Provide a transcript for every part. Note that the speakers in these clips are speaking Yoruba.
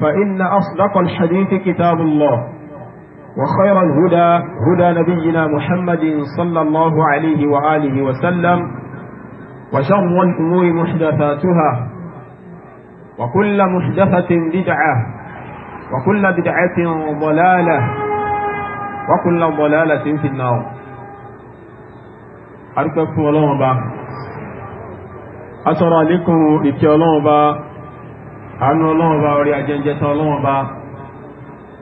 فإن أصدق الحديث كتاب الله وخير الهدى هدى نبينا محمد صلى الله عليه وآله وسلم وشر الأمور محدثاتها وكل محدثة بدعة وكل بدعة ضلالة وكل ضلالة في النار أركب الله أترى لكم إتي الله àánú ọlọ́run bá orí ajẹ́jẹ́ tán ọlọ́run bá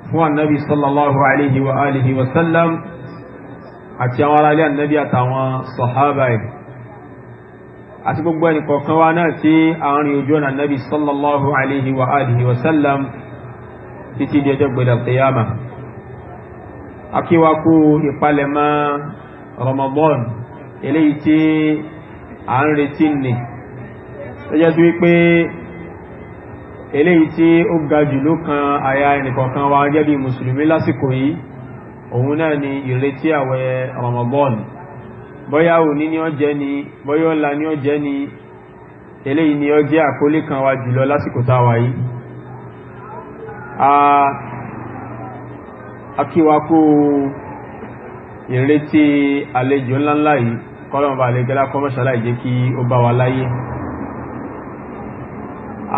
fún ànábì sallallahu alaihi wa alihi wa sallam àti àwọn aráalé ànábì àtàwọn sọ̀hábà ẹ̀ àti gbogbo ẹnì kọ̀ọ̀kan wa náà tí àárín ojú ọ̀nà ànábì sallallahu alaihi wa alihi wa sallam títí di ọjọ́ gbẹ̀dẹ̀ qiyama akíwákú ìpalẹ̀mọ́ Ramadan eléyìí tí à ń retí nì tó jẹ́ sí wípé eléyìí tí ó ga jù kan àyà ẹnìkọ̀ọ̀kan wa gẹ́gẹ́ bí mùsùlùmí lásìkò yìí òun náà ni ìrètí àwẹ̀ Ramadan bọ́yá òní ni ó jẹ́ ni bọ́yá ọ̀la ni ó jẹ́ ni eléyìí ni ó jẹ́ àkólé kan wa jùlọ lásìkò táwa yìí akíwakú ìrètí àlejò ńláńlá yìí kọ́lọ̀mọ̀bà àlejò lákọ́mọ́ṣọ́lá ìjẹ́ kí ó bá wa láyé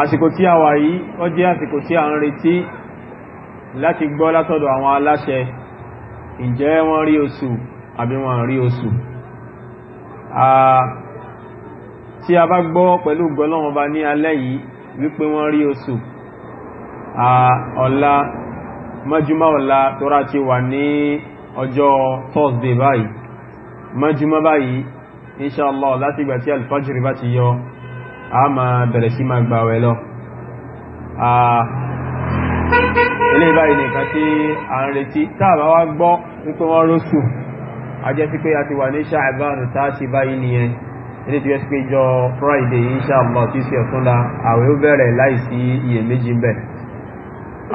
àsìkò tí a wà yìí ó jẹ́ àsìkò tí a ń retí láti gbọ́ látọ̀dọ̀ àwọn aláṣẹ ǹjẹ́ wọ́n rí oṣù àbí wọ́n rí oṣù tí a bá gbọ́ pẹ̀lú gbọ́lọ́wọ́n bá ní alẹ́ yìí wípé wọ́n rí oṣù ọ̀la mọ́júmọ́ ọ̀la tó ti wà ní ọjọ́ Thursday báyìí mọ́júmọ́ báyìí inṣàlá láti ìgbà tí alfajiri bá ti yọ a máa bẹ̀rẹ̀ sí máa gbà wẹ̀ lọ ilé báyìí nìkan tí a ń retí tààbà wá gbọ́ wípé wọ́n rósù a jẹ́ sí pé a ti wà ní ṣàìbánu tààṣì báyìí nìyẹn ilé tí ó sì pé jọ Friday inshallah tí sí ọ̀túnla àwẹ̀ ó bẹ̀rẹ̀ láìsí iyèméjì ń bẹ̀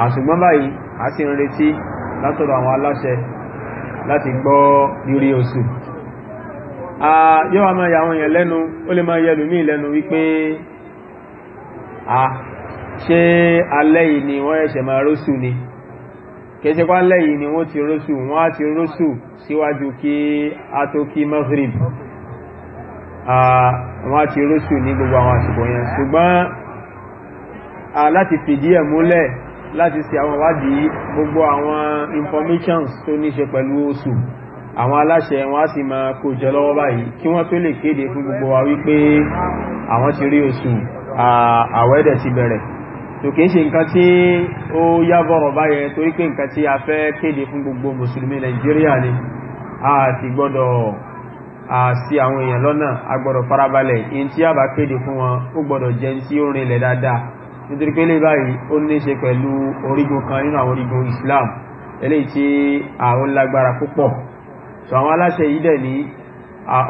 àṣùgbọ́n báyìí a sì ń retí látọ̀dọ̀ àwọn aláṣẹ láti gbọ́ rírí oṣù yóò máa yà àwọn èèyàn lẹ́nu ó lè máa yẹlù mí lẹ́nu wípé a ṣe alẹ́ ni wọ́n ẹ̀ṣẹ̀ máa rósù ni kẹsẹ̀ pa alẹ́ ni wọ́n ti rósù wọ́n á ti rósù síwájú kí a tó kí maghrib wọ́n á ti rósù ní gbogbo àwọn àsìkò yẹn ṣùgbọ́n láti fìdí ẹ̀ múlẹ̀ láti ṣe àwọn wádìí gbogbo àwọn informations tó ní ṣe pẹ̀lú oṣù àwọn aláṣẹ wọn á sì máa kó jẹ lọ́wọ́ báyìí kí wọ́n tó lè kéde fún gbogbo wa wípé àwọn ti rí oṣù àwẹ́dẹ̀ ti bẹ̀rẹ̀ tó kìí ṣe nǹkan tí ó yábọ̀rọ̀ báyẹn torí pé nǹkan tí a fẹ́ kéde fún gbogbo mùsùlùmí Nàìjíríà ni a ti gbọ́dọ̀ àti àwọn èèyàn lọ́nà a gbọ́dọ̀ farabalẹ̀ in tí a bá kéde fún wọn ó gbọ́dọ̀ jẹ́ tí ó rinlẹ̀ dáadáa nítorí pé lè báyìí ó ní ṣe pẹ̀lú orígun kan nínú àwọn orígun Islam eléyìí tí àwọn lágbára púpọ̀ so àwọn aláṣẹ yìí dẹ̀ ní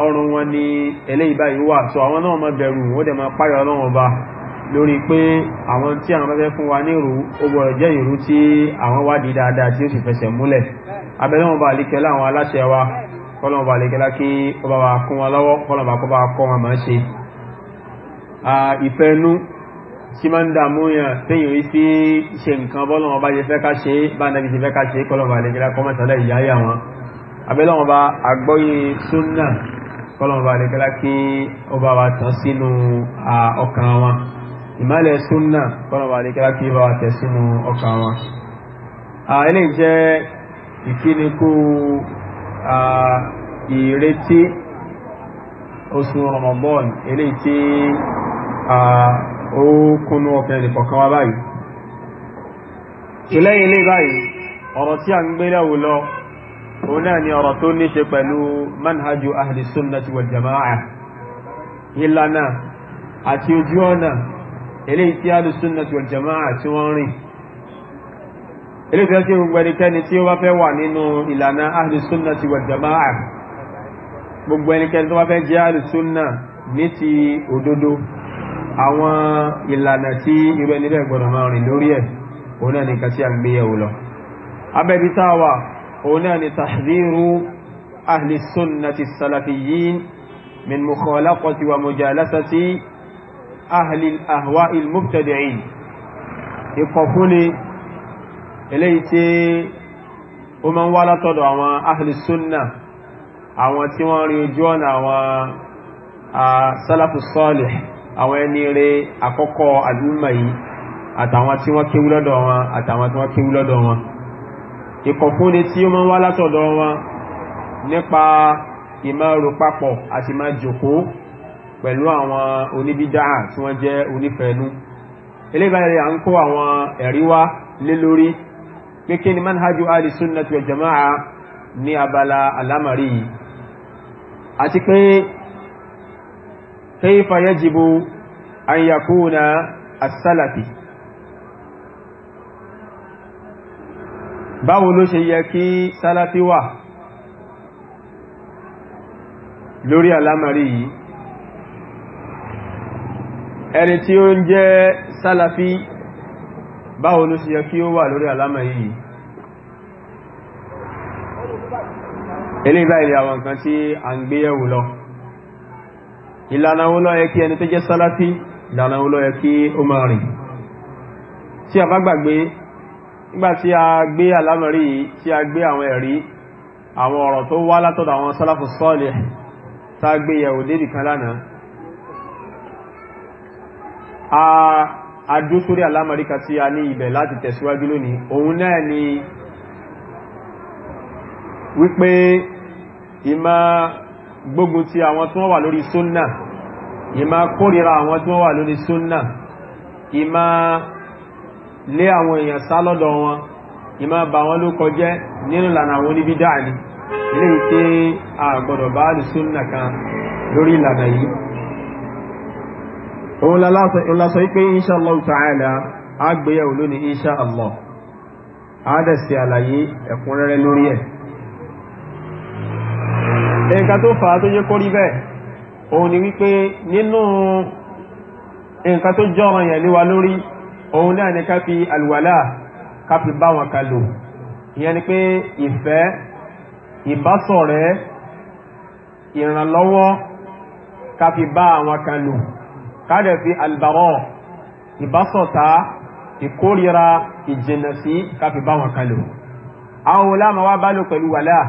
ọrùn wọn ni eléyìí báyìí wà so àwọn náà máa bẹ̀rù ó dẹ̀ máa páyọ̀ ọlọ́run ọba lórí pé àwọn tí àwọn fẹ́ fún wa ní ìrú ó gbọ́dọ̀ jẹ́ ìrú tí àwọn wádìí dáadáa tí ó sì fẹsẹ̀ múlẹ̀ abẹ́lẹ́wọ̀n bá àlíkẹ́lá àwọn aláṣẹ wa kọ́lọ̀wọ̀n bá àlíkẹ́lá kí ó bá wa kún wọn lọ́wọ́ kọ́lọ̀wọ̀n bá kọ́ bá kọ́ wọn máa ṣe ìfẹ́nú tí máa ń dàmú yàn téyàn rí sí ṣe nǹkan bọ́lọ̀wọ̀n bá ṣe fẹ́ ká ṣe bá nàbí ṣe fẹ́ ká ṣe kọ́lọ̀wọ̀n bá àlíkẹ́lá kọ́ mọ̀sálẹ̀ ìyáyà wọn abẹ́lọ́wọ́n bá agbọ́yé súnnà kọ́lọ́wọ́n bá nìkẹ́lá kí ó bá wa tán sínú ọkàn wọn ìmálẹ̀ súnnà kọ́lọ́wọ́n bá nìkẹ́lá kí ó bá wa tẹ̀ sínú ọkàn wọn ilé jẹ́ ìkíníkù ìrètí oṣù Ramadan ilé tí ó kúnnú ọkàn ẹnìkọ̀ọ̀kan wá báyìí ọ̀rọ̀ tí a ń gbé lẹ́wọ̀ lọ òun náà ni ọ̀rọ̀ tó ní ṣe pẹ̀lú manhajú ahli sunnati wal jama'a ìlànà àti ojú ọ̀nà eléyìí tí ahli sunnati wal jama'a tí wọ́n rìn eléyìí tí wọ́n ti gbogbo ẹnikẹ́ni tí ó bá fẹ́ wà nínú ìlànà ahli sunnati wal jama'a gbogbo ẹnikẹ́ni tó bá fẹ́ jẹ́ ahli sunna ní ti òdodo àwọn ìlànà tí irú ẹni bẹ́ẹ̀ gbọ́dọ̀ máa rìn lórí ẹ̀ òun náà nìkan tí lọ abẹ́bí táwa هنا لتحذير أهل السنة السلفيين من مخالقة ومجالسة أهل الأهواء المبتدعين يقفوني إليتي ومن ولا تدعوا أهل السنة àwọn tí wọ́n rí ojú ọ̀nà àwọn sálàfù sọ́ọ̀lì àwọn ẹni rẹ̀ àkọ́kọ́ àdúmà yìí àtàwọn tí wọ́n kéwú lọ́dọ̀ wọn àtàwọn tí wọ́n kéwú lọ́dọ̀ wọn ìkọ̀fúnni tí ó máa ń wá látọ̀dọ̀ wọn nípa ìmọ̀rò papọ̀ àti máa jòkó pẹ̀lú àwọn oníbídá tí wọ́n jẹ́ onífẹ̀ẹ́nú eléyìí à ń kó àwọn ẹ̀rí wá lé lórí pé ni manhajú ali sunnati wa jama'a ní abala alámàrí yìí àti pé kayfa yajibu an yakuna as báwo ló ṣe yẹ kí sálàfí wà lórí alámàrí yìí ẹni tí ó ń jẹ́ sálàfí báwo ló ṣe yẹ kí ó wà lórí alámàrí yìí eléyìí báyìí àwọn nǹkan tí a ń gbé yẹ̀wò lọ ìlànà wo ló kí ẹni tó jẹ́ sálàfí ìlànà wo ló kí ó máa rìn tí a bá gbàgbé nígbàtí a gbé alámọ̀rí tí a gbé àwọn ẹ̀rí àwọn ọ̀rọ̀ tó wá látọ̀dọ̀ àwọn sálàfù sọ́ọ̀lẹ̀ tá a gbé yẹ̀wò dédì kan lánàá a adó sórí alámọ̀rí kan tí a ní ibẹ̀ láti tẹ̀síwájú lónìí òun náà ni wípé ìmá gbógun ti àwọn tí wọ́n wà lórí súnnà ìmá kórìíra àwọn tí wọ́n wà lórí súnnà ìmá lé àwọn èèyàn sá lọ́dọ̀ wọn ìmá bà wọn ló kọjẹ́ nínú ìlànà àwọn oníbí ni ilé ìké àgbọ̀dọ̀ bá lùsúnnà kan lórí ìlànà yìí òun lásọ wípé insha Allah ta'ala agbéyàwó lónìí insha Allah àádẹ́sì àlàyé ẹ̀kúnrẹ́rẹ́ lórí ẹ̀ ẹ̀ka tó fà á tó yẹ kó rí bẹ́ẹ̀ òun ni wípé nínú nǹkan òun náà ni ká fi àlùwàlà ká fi bá wọn kan lò ìyẹn ni pé ìfẹ́ ìbásọ̀rẹ́ ìrànlọ́wọ́ ká fi bá àwọn kan lò ká dẹ̀ fi àlùbárọ̀ ìbásọ̀tá ìkórira ìjìnà sí ká fi bá wọn kan lò àwọn olá ma wá bá lò pẹ̀lú wàlá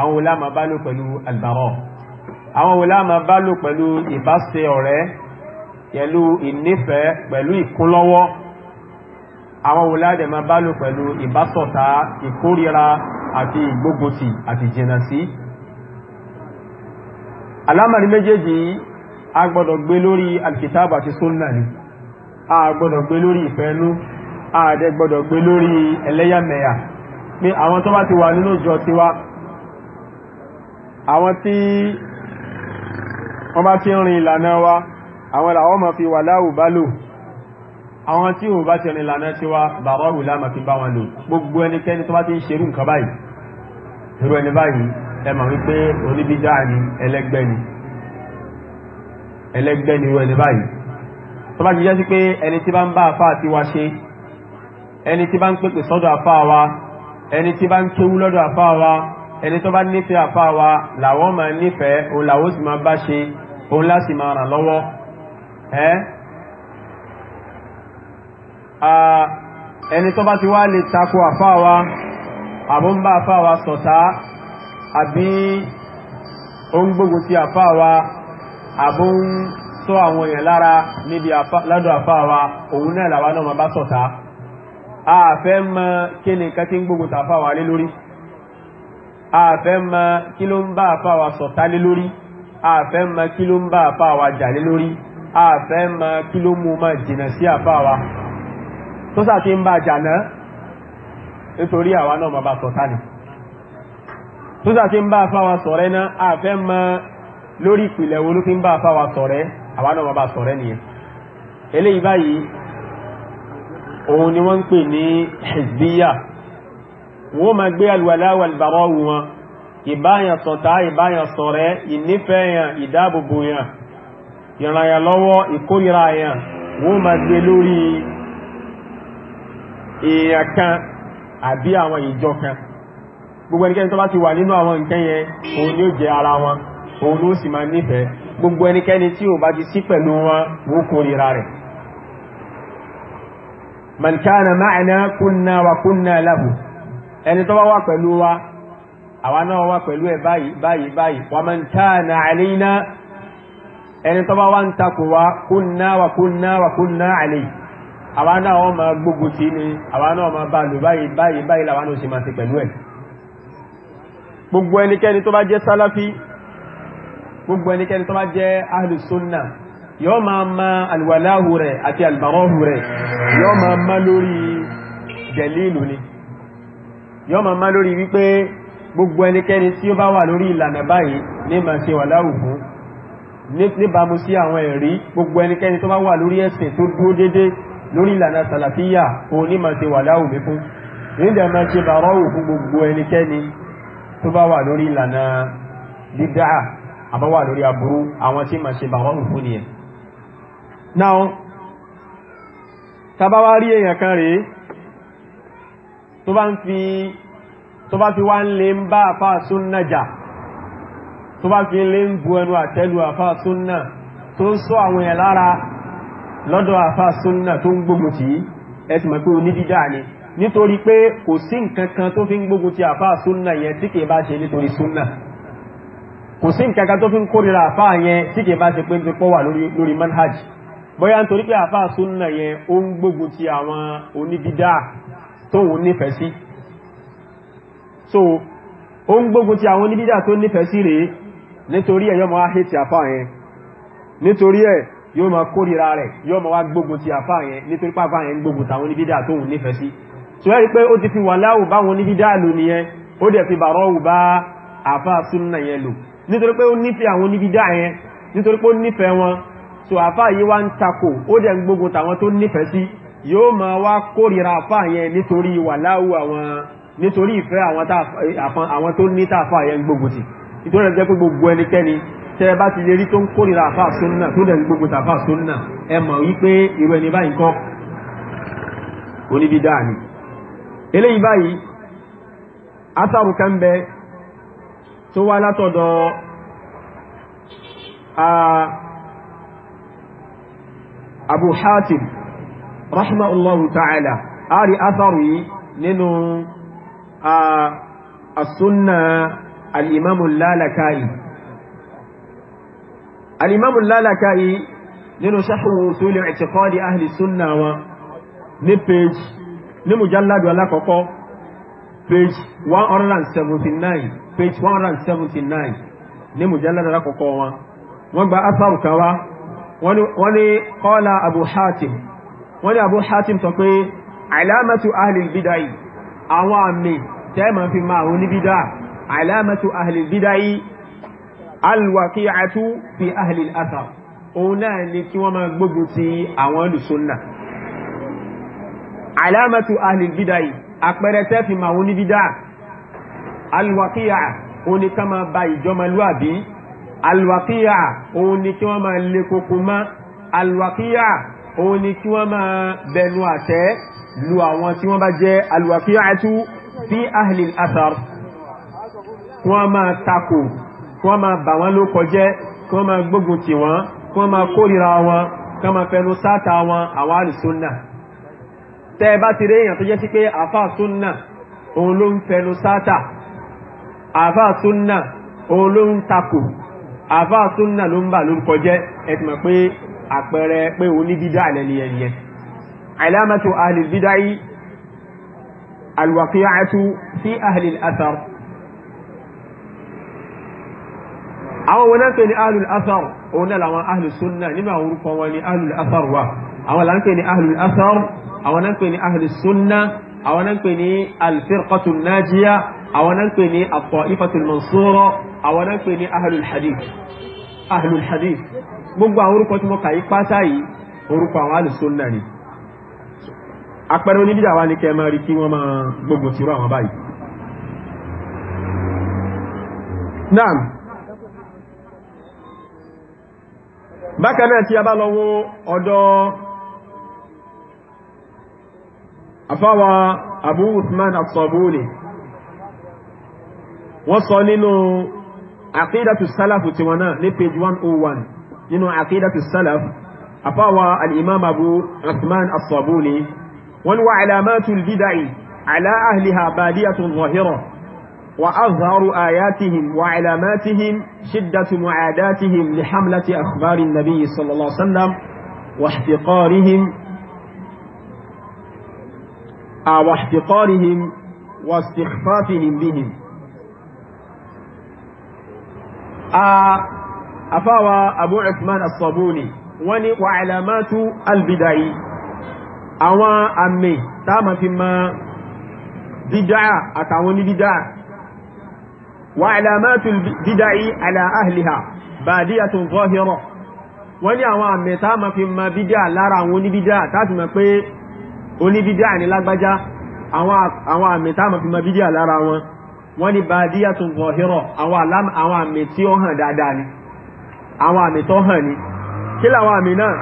àwọn olá ma bá lò pẹ̀lú àlùbárọ̀ àwọn olá ma bá lò pẹ̀lú ìbáṣe ọ̀rẹ́ pẹ̀lú ìnífẹ̀ẹ́ pẹ̀lú ìkúnlọ́wọ́ àwọn wòládẹ̀ ma bá lò pẹ̀lú ìbásọ̀ta ìkórira àti ìgbógunti àti jìnà sí alámàrí méjèèjì a gbọ́dọ̀ gbé lórí alkitaba àti sunna ni a gbọ́dọ̀ gbé lórí ìfẹ́nú a dẹ̀ gbọ́dọ̀ gbé lórí ẹlẹ́yàmẹ̀yà pé àwọn tó bá ti wà nínú ìjọ tiwa àwọn tí wọ́n bá ti rìn ìlànà wa àwọn làwọn ma fi wà láwù bá lò àwọn tí ò bá ti rìn lànà tí wá bàbá òlà màfi bá wọn lò gbogbo ẹnikẹ́ni tó bá ti ń ṣerú nǹkan báyìí irú ẹni báyìí ẹ wípé oníbídà ni ẹlẹ́gbẹ́ ni ẹlẹ́gbẹ́ ni irú ẹni báyìí tó bá ti jẹ́ sí pé ẹni tí bá ń bá àfáà tiwa ṣe ẹni tí bá ń pèpè sọ́dọ̀ àfáà wa ẹni tí bá ń kéwú lọ́dọ̀ àfáà wa ẹni tó bá nífẹ̀ẹ́ àfáà wa làwọn máa nífẹ̀ẹ́ òun làwọn sì máa bá ṣe òun láti máa ràn lọ́wọ́ ẹ́ ẹni tó bá ti wá lè tako àfáwa àbúmbà àfáwa sọ̀tá àbí ohun gbogbo ti àfáwa àbú ń tó àwọn èèyàn lára níbi lọ́dọ̀ àfáwa òun náà làwa náà ma bá sọ̀tá àfẹ́ mọ kí ni nǹkan tí ń gbogbo tàfáwa lé lórí àfẹ́ mọ kí ló ń bá àfáwa sọ̀tá lé lórí àfẹ́ mọ kí ló ń bá àfáwa jà lé lórí àfẹ́ mọ kí ló mú ma jìnà sí àfáwa tó sáà ti ń bá jàná nítorí àwa náà ma bá sọ̀tá ni tó sáà ti ń bá fáwa sọ̀rẹ́ náà àfẹ́ mọ lórí ìpìlẹ̀ wo ló fi ń bá fáwa sọ̀rẹ́ àwa náà ma bá sọ̀rẹ́ nìyẹn eléyìí báyìí òun ni wọ́n ń pè ní hezbiya wọ́n ma gbé alwàláwà ìbàmọ́ wọn ìbáyàn sọ̀tá ìbáyàn sọ̀rẹ́ ìnífẹ́yàn ìdáàbòbòyàn ìrànyàn lọ́wọ́ ìkórìíra yàn wọ́n ma gbé lórí èèyàn kan àbí àwọn ìjọ kan gbogbo ẹnikẹ́ni tó bá ti wà nínú àwọn nǹkan yẹn òun ni ó jẹ ara wọn òun ló sì máa nífẹ̀ẹ́ gbogbo ẹnikẹ́ni tí ò bá ti sí pẹ̀lú wọn wó kórìíra rẹ̀ man kana ma'ana kunna wa kunna ẹni tó bá wà pẹ̀lú wa àwa náà wà pẹ̀lú ẹ̀ báyìí báyìí báyìí wa man kana ẹni tó bá wà ń takò wa kunna wa kunna wa kunna alayhi àwa náà wọ́n máa gbógun ti ní àwa náà máa bá lò báyìí báyìí báyìí làwa náà sì máa ti pẹ̀lú ẹ̀ gbogbo ẹnikẹ́ni tó bá jẹ́ sálàfí gbogbo ẹnikẹ́ni tó bá jẹ́ ahlùsúnnà yóò máa ma alwaláhù rẹ̀ àti albarahu rẹ̀ yóò máa ma lórí ni yóò máa ma lórí wípé gbogbo ẹnikẹ́ni tí ó bá wà lórí ìlànà báyìí ní ma ṣe wà láhùhù níbàmú sí àwọn ẹ̀rí gbogbo ẹnikẹ́ni tó bá wà lórí ẹ̀sìn tó dúró déédéé lórí ìlànà sàlàfíyà òun ní máa ṣe wà láwù mi fún nígbà máa ṣe bàrọ́ wù fún gbogbo ẹnikẹ́ni tó bá wà lórí ìlànà dídá àbá wà lórí aburú àwọn tí máa ṣe bàrọ́ wù fún nìyẹn. now tá bá wá rí èèyàn kan rèé tó bá fi wá ń lè ń bá àfa súnnà jà tó bá fi lè ń bu ẹnu àtẹ́lu àfa súnnà tó ń sọ àwọn èèyàn lára lọ́dọ̀ àfà súnnà tó ń gbógun tì í ẹ sì mọ̀ pé onídídá ni nítorí pé kò sí nǹkan kan tó fi ń gbógun ti àfà súnnà yẹn tí kìí bá ṣe nítorí súnnà kò sí nǹkan kan tó fi ń kórìíra àfà yẹn tí kìí bá ṣe pé ń ti lórí manhaj bóyá nítorí pé àfà súnnà yẹn ó ń gbógun ti àwọn onídídá tóun nífẹ̀ẹ́ sí so ó ń gbógun ti àwọn onídídá tó nífẹ̀ẹ́ sí rèé nítorí ẹ̀yọ́mọ̀ á hẹ́tì àfà yẹn nítorí ẹ̀ yóò máa kórìíra rẹ̀ yóò máa wá gbógun ti àfá yẹn nítorí pàfá yẹn gbógun tàwọn oníbídà tóhun nífẹ̀ẹ́ sí tí ó rí pé ó ti fi wà láwù bá wọn oníbídà lò nìyẹn ó dẹ̀ fi bàrọ́wù bá àfá súnnà yẹn lò nítorí pé ó nífẹ̀ẹ́ àwọn oníbídà yẹn nítorí pé ó nífẹ̀ẹ́ wọn so àfá yìí wá ń takò ó dẹ̀ ń gbógun tàwọn tó nífẹ̀ẹ́ sí yóò máa wá kórìíra àfá yẹn nítorí wà láwù àwọn nítorí ìfẹ́ àwọn tó ní tàfá yẹn gbógun ti nítorí rẹ̀ jẹ́ pé gbogbo ẹnikẹ́ni tẹ́ ẹ bá ti lè rí tó ń kórìíra àfa sunna tó dẹ̀ gbogbo tàfa sunna ẹ mọ̀ wípé irú ẹni báyìí kọ́ oníbídà ni eléyìí báyìí asaru kan bẹ tó wá látọ̀dọ̀ abu hatim rahimahullahu ta'ala a rí asaru yìí nínú asunna al-imamu lalakai alimamu lalakayi nínú sáfihàn tó lè ẹ̀tẹ̀kọ́dì ahìlì súnnà wọn ní page ní mujalladu alákọ̀ọ́kọ́ page 179 page 179 ní mujalladu alákọ̀ọ́kọ́ wọn wọ́n gba asaru kan wá wọ́n ní kọ́lá abu hatim wọ́n ní abu hatim sọ pé alamatu ahìlì bídáyì àwọn àmì tẹ́ẹ̀mà fi máa wọn ní bídá alamatu ahìlì bídáyì alwaki'atu fi ahli al-athar òun náà ni kí wọ́n máa gbógun ti àwọn olùsúnnà alamatu ahli al-bid'ah àpẹẹrẹ tẹ́fì ma wọn ní bídá alwakiya òun ni ká máa ba ìjọmọlúàbí alwakiya òun ni kí wọ́n máa lè kókó mọ́ alwakiya òun ni kí wọ́n máa bẹnu àtẹ́ lu àwọn tí wọ́n bá jẹ́ alwakiya fi ahli al wọ́n máa takò kí wọ́n máa bà wọ́n ló kọjẹ́ kí wọ́n máa gbógun tì wọ́n kí wọ́n máa kórìíra wọn kí wọ́n máa fẹnu sáta wọn àwọn àlùsúnà tẹ́ ẹ bá ti rí èèyàn tó jẹ́ sí pé àáfàá súnà òun ló ń fẹnu sáta àáfàá súnà òun ló ń takò àáfàá súnà ló ń bà ló kọjẹ́ ẹ ti mọ̀ pé àpẹẹrẹ pé òun ní bídá àlẹ́ni ẹ̀yẹ àìlámàtò àlè bídá yìí alwaqi'atu fi ahli al-athar àwọn wọn náà pè ní ahlul asar òun náà làwọn ahlus sunna nínú àwọn orúkọ wọn ní ahlul asar wà àwọn là ń pè ní ahlul asar àwọn náà pè ní ahlus sunna àwọn náà pè ní alfirqatul najiya àwọn náà pè ní at-ta'ifatul mansura àwọn náà pè ní ahlul hadith ahlul hadith gbogbo àwọn orúkọ tí mo kà yí pátá yìí orúkọ àwọn ahlus sunna ni apẹrẹ oníbídà wa ni kẹ máa rí kí wọ́n máa gbogbo tìrọ àwọn báyìí. bákan náà tí a bá lọ wo ọ̀dọ̀ àfáwà Abu Uthman as-Sabuni wọ́n sọ nínú àkídàtù sálàfù tí wọ́n náà ní page 101 nínú àkídàtù sálàfù àfáwà al'imam Abu Uthman as wọ́n wà alamatu al ala ahliha badiyatun zahira وأظهر آياتهم وعلاماتهم شدة معاداتهم لحملة أخبار النبي صلى الله عليه وسلم واحتقارهم واحتقارهم واستخفافهم بهم أفاوى أبو عثمان الصابوني وني وعلامات البدع أوى أمي تاما فيما بدع أتعوني بدعة. وعلامات البدع على أهلها بادية ظاهرة wọ́n ní àwọn àmì tá ma fi ma bídíà lára àwọn oníbídíà tàbí ma pé oníbídíà ní lágbájá àwọn àmì tá ma fi ma bídíà lára wọn wọ́n ní badiyyatun zahira àwọn àmì tí ó hàn dáadáa ni àwọn àmì tó hàn ni kí láwọn àmì náà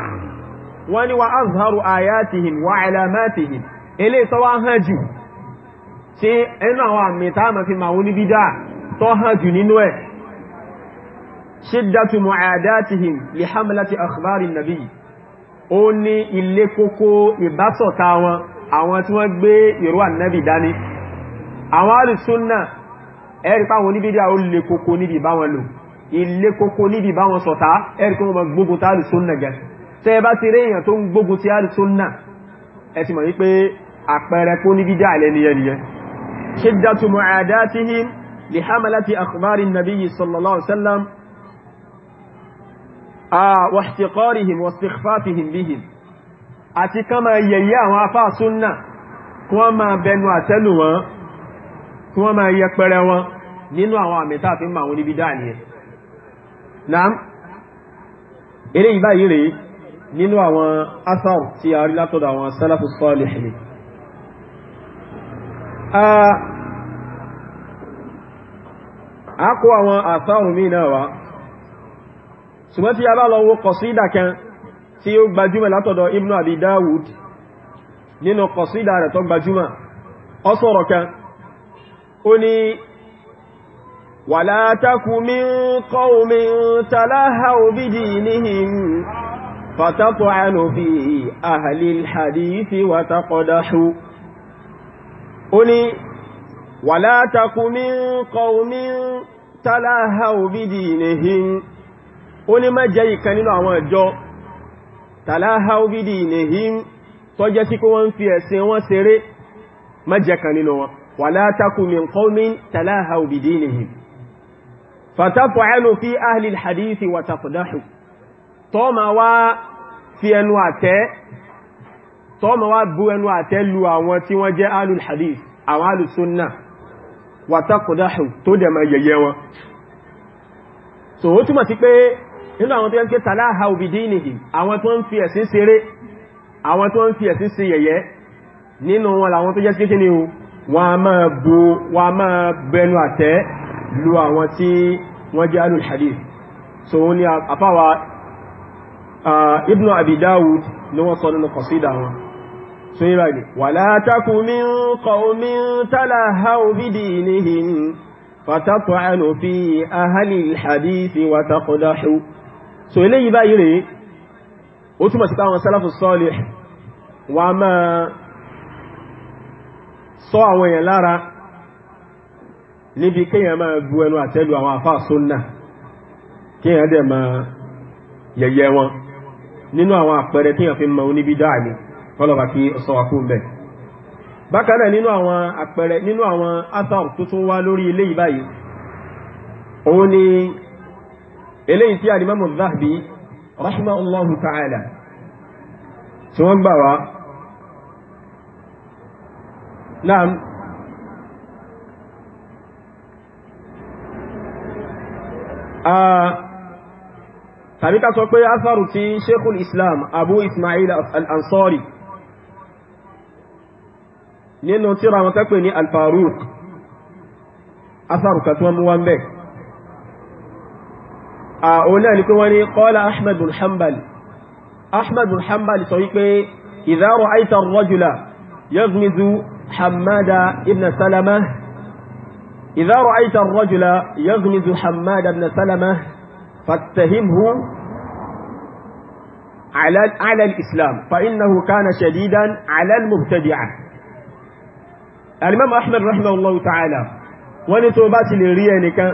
wọ́n ní wa azharu ayatihim wa alamatihim ilé ìsọwọ́ hàn tó hàn jù nínú ẹ̀ ṣídàtù mu'adatihim li hamlati akhbari nabi ó ní ilé kókó ìbásọ̀ta wọn àwọn tí wọ́n gbé ìró ànábì dání àwọn alùsúnnà ẹ̀rí páwọn oníbídíà ó lè kókó níbi bá wọn lò ilé kókó níbi bá wọn sọ̀tá ẹ̀rí kí wọ́n gbógun tí alùsúnnà gẹ̀ tẹ́ bá ti rí èèyàn tó ń gbógun tí alùsúnnà ẹ ti mọ̀ wípé àpẹẹrẹ kó níbídíà lẹ́niyẹniyẹ ṣídàtù mu'adatihim لحملة أخبار النبي صلى الله عليه وسلم واحتقارهم واستخفافهم بهم àti ká máa yẹ̀yẹ́ àwọn afá súnnà kí wọ́n máa bẹnu àtẹ́lù wọn kí wọ́n máa yẹpẹrẹ wọn nínú àwọn àmìta fi ń ma àwọn oníbí dáà ní ẹ̀. naam eré ìbáyìí rèé nínú àwọn asáwọ̀ tí a rí látọ̀dọ̀ àwọn sálàfù sọ́ọ̀lẹ̀ a kó àwọn àtàrùn mí náà wá ṣùgbọ́n tí a bá lọ wo kọ̀sídà kan tí ó gbajúmọ̀ látọ̀dọ̀ ibnu abi dawud nínú kọ̀sídà rẹ̀ tó gbajúmọ̀ ó sọ̀rọ̀ kan ó ní ولا تك من قوم تلهوا بدينهم فتطعن في أهل الحديث وتقدحوا أني ولا تك من قوم تلاهوا بدينهم oni ma jẹ́ ìkan nínú àwọn ìjọ تلاهوا بدينهم tó jẹ́ sí kó wọ́n fi ẹ̀sìn wọn ṣeré ma jẹ́ kan nínú wọn ولا تك من قوم تلاهوا بدينهم فتفعل في أهل الحديث وتفضح tó ma wá fi ẹnu àtẹ́ tó ma wá bu ẹnu àtẹ́ lu àwọn tí wọ́n jẹ́ ahlul hadith àwọn ahlus sunnah wàtàkùdáhù tó dẹ̀ ma wọn so ó túnmọ̀ sí pé nínú àwọn tó yẹ́ ń ké tàláhà òbí dínìhì àwọn tó ń fi ẹ̀sìn ṣeré àwọn tó ń fi ẹ̀sìn ṣe yẹ̀yẹ́ nínú wọn làwọn tó jẹ́ sí kíni o wọ́n a máa bo wọ́n abi dawud ni wọ́n sọ nínú so yí báyìí wala taku min qawmin talahau bidinihim fatat'anu fi ahli alhadithi wa taqdahu so eléyìí báyìí rèé ó túnmọ̀ sí táwọn sálàfù sọ́ọ̀lẹ̀ wọ́n a máa sọ àwọn èèyàn lára níbi kíyàn máa bu ẹnu àtẹ́lù àwọn àfáà súnnà kíyàn dẹ̀ máa yẹ̀yẹ́ wọn nínú àwọn àpẹẹrẹ kíyàn fi mọ̀ oníbídá ni kọlọ̀bà kí ó sọ wa kú bẹ̀. bákan náà nínú àwọn àpẹẹrẹ nínú àwọn athar tó tún wá lórí eléyìí báyìí òun ni eléyìí tí alimamu Dhahabi rahimahullahu ta'ala tí wọ́n gbà wá náà tàbí ká sọ pé asaru ti sheikhul islam abu ismail al-ansari nínú tíra wọn tẹ́pẹ̀ ní alfaruk asarùkà tí wọ́n mú wọn bẹ́ a òun náà ni pé wọ́n ni qala ahmed bin hanbal ahmed bin hanbal sọ wípé idha ra'ayta ar-rajula yazmizu hamada ibn salama idha ra'ayta ar-rajula yazmizu hamada ibn salama fattahimhu على على الإسلام فإنه كان شديدا على المبتدعة alimam ahmed rahimahullahu ta'ala wọ́n ní tó bá ti lè rí ẹnìkan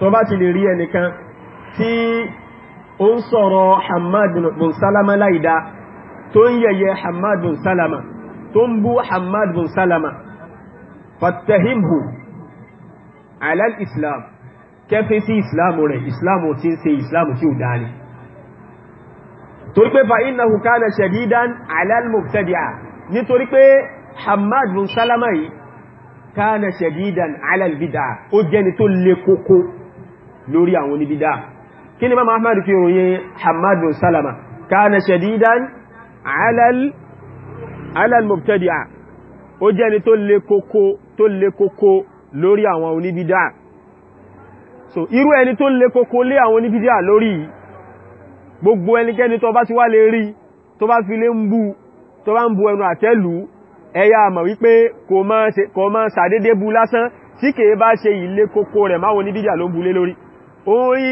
tó bá ti lè rí ẹnìkan tí ó ń sọ̀rọ̀ hamad bin salama láìdá tó ń yẹ̀yẹ hamad bin salama tó ń bú hamad bin salama fattahimhu alal islam kẹfẹ́ sí islamu rẹ̀ islamu tí ń ṣe islamu tí ó dáni torí pé fa innahu kana shadidan alal mubtadi'a nítorí pé Hamad bin Salama yìí kana shadidan ala al-bid'a ó jẹ́ ni tó le koko lórí àwọn oníbídà kí ni Imam Ahmad fi ròyìn Hamad bin Salama kana shadidan ala al-mubtadi'a ó jẹ́ ni tó le koko tó le koko lórí àwọn oníbídà so irú ẹni tó le koko lé àwọn oníbídà lórí gbogbo ẹnikẹ́ni tó bá ti wá lè rí tó bá fi lé ń bú tó bá ń bu ẹnu àtẹ́lù ẹ̀yà àmọ̀ wípé kò mọ́ sàdédé bu lásán tí kèé bá ṣe ilé kókó rẹ̀ máwọn oníbídíà ló ń bulé lórí ó rí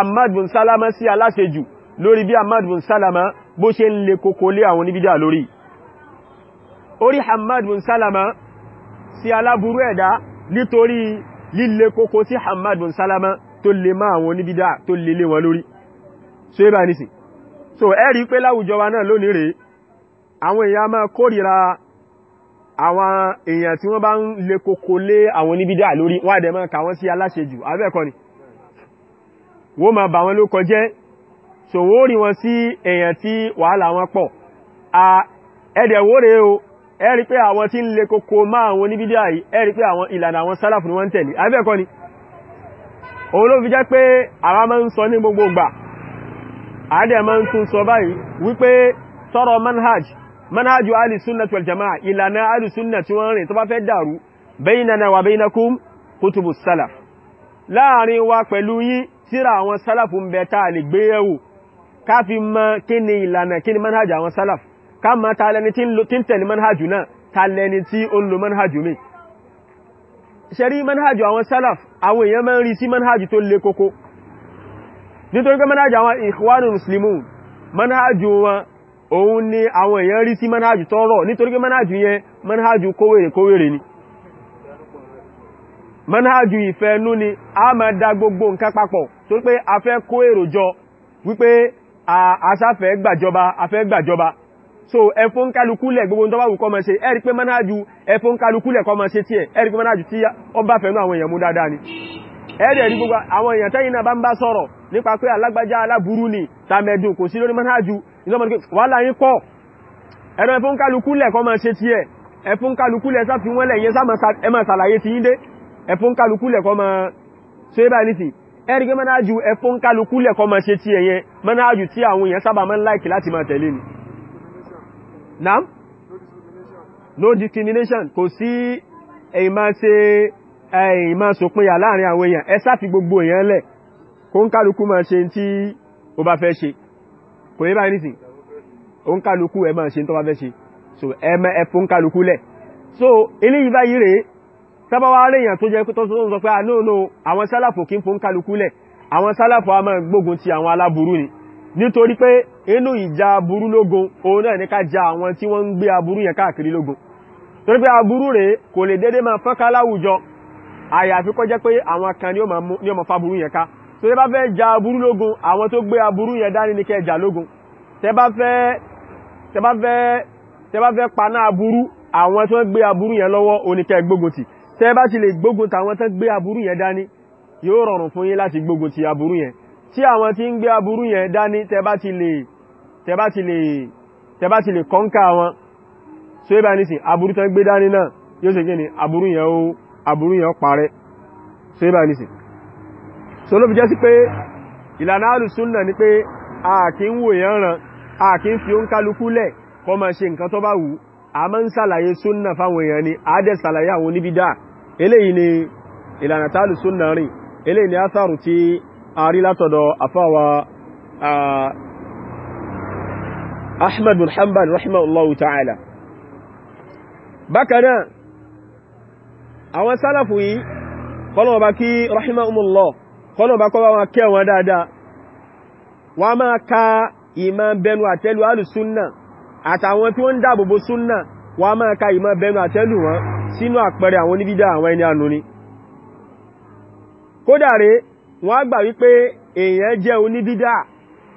Ahmad bin Salama sí aláṣejù lórí bí Ahmad bin Salama bó ṣe ń lè kókó lé àwọn oníbídíà lórí ó rí Ahmad bin Salama sí aláburú ẹ̀dá nítorí líle kókó sí Ahmad bin Salama tó lè máa àwọn oníbídíà tó lè lé wọn lórí so ẹ bá nìsìn so ẹ rí pé láwùjọ wa náà àwọn èèyàn máa kórìíra àwọn èèyàn tí wọ́n bá ń lè kókó lé àwọn oníbídà lórí wọ́n àdẹ̀ máa kà sí aláṣejù abẹ́ẹ̀kọ́ ni wọ́n máa bà wọ́n ló kọjẹ́ so wó rí wọn sí èèyàn tí wàhálà wọn pọ̀ a ẹ̀dẹ̀ wó rẹ̀ o ẹ rí pé àwọn tí ń lè kókó má àwọn oníbídà yìí ẹ rí pé àwọn ìlànà àwọn sálàfù ni wọ́n tẹ̀lé manhaju ahli sunnati wal jamaa ìlànà ahli sunnati wọ́n rìn tó bá fẹ́ dàrú baynana wa baynakum kutubu salaf láàrin wa pẹ̀lú yín tírà àwọn salaf ń bẹ tá a lè gbé yẹ̀wò ká fi mọ̀ kí ni ìlànà kí ni manhaju àwọn salaf ká mọ̀ ta lẹni tí ń tẹ̀lé manhaju náà ta lẹni tí ó lo manhaju mi ṣẹ̀rí manhaju àwọn salaf àwọn èèyàn máa ń rí sí manhaju tó le koko nítorí pé manhaju àwọn ikhwanul muslimun manhaju wọn òun ni àwọn èèyàn rí sí manhajù tọ́rọ̀ nítorí pé manhajù yẹn manhajù kówèrè kówèrè ni manhajù ìfẹ́nú ni a máa dá gbogbo nǹkan papọ̀ tó pé a fẹ́ kó èrò jọ wípé àṣàfẹ́ gbàjọba a gbàjọba so ẹfún gbogbo tó bá wù kó máa ṣe ẹ̀rí pé manhajù ẹfún eri ni ìlọ́mọdé wàhálà yín pọ̀ ẹ̀rọ ẹfún kálukú lẹ̀kọ́ máa ṣe ti ẹ̀ ẹfún kálukú lẹ̀ sáfi wọ́n lẹ̀yẹ ẹmà sàlàyé ti yíndé ẹfún kálukú lẹ̀kọ́ máa ṣe bá ní ti ẹ̀rìgẹ́ mẹ́nájú ẹfún kálukú lẹ̀kọ́ máa ṣe ti ẹ̀yẹ mẹ́nájú tí àwọn èèyàn sábà máa ń láìkì láti máa tẹ̀lé ni nam no discrimination kò sí ẹ̀yìn máa ṣe ẹ̀yìn máa sòpinyà láàrin àwọn èèyàn ẹ sáfi gbogbo èèyàn lẹ̀ kó ń kálukú máa ṣe tí ó bá fẹ́ ṣe kò yẹ báyìí nísìn òun kálukú ẹ máa ṣe tó bá fẹ́ ṣe so ẹ mẹ́ ẹ lẹ̀ so eléyìí báyìí rèé sábàwá rèèyàn tó jẹ́ tó sọ pé ah, no no àwọn sálàfò kí ń fún kálukú lẹ̀ àwọn sálàfò ni nítorí pé inú ìjà aburú lógun òun náà ní ká ja àwọn tí wọ́n ń gbé aburú yẹn káàkiri lógun torí pé aburú rèé kò lè dédé máa fọ́nká láwùjọ àyàfi kó jẹ́ pé tó bá fẹ́ ja aburú lógun àwọn tó gbé aburú yẹn dání ní kẹjà lógun tẹ́ bá fẹ́ tẹ́ bá fẹ́ tẹ́ bá fẹ́ paná aburú àwọn tó gbé aburú yẹn lọ́wọ́ oníkẹ́ gbógun ti tẹ́ bá ti lè gbógun tàwọn tó gbé aburú yẹn dání yóò rọrùn fún yín láti gbógun ti aburú yẹn tí àwọn tí ń gbé aburú yẹn dání tẹ́ bá ti lè tẹ́ bá ti lè tẹ́ bá ti lè aburú tó gbé dání náà yóò ṣe kí ni aburú yẹn ó aburú yẹn ó parẹ́ so ibà so ló fi jẹ́ sí pé ìlànà alùsúnnà ni pé a kì ń wò yán ràn a kì ń fi ó ń kálukú lẹ̀ kọ́ máa ṣe nǹkan tó bá wù a máa ń sàlàyé súnnà fáwọn èèyàn ni a dẹ̀ sàlàyé àwọn oníbídà eléyìí ni ìlànà tálù súnnà rìn eléyìí ni asáàrù tí a rí látọ̀dọ̀ àfáwa Ahmad bin rahimahullahu ta'ala bákan náà àwọn sálàfù yìí kọ́lọ̀ ọba kí rahimahumullah kọ́nà bá kọ́ bá wọn kẹ́ wọn dáadáa wọ́n máa ka ìmọ̀ bẹnu àtẹ́lù alùsúnnà àtàwọn tí wọ́n ń dáàbòbò súnnà wọ́n máa ka ìmọ̀ bẹnu àtẹ́lù wọn sínú àpẹẹrẹ àwọn oníbídá àwọn ẹni ànú ni kódàrí wọ́n á gbà wípé èèyàn jẹ́ oníbídá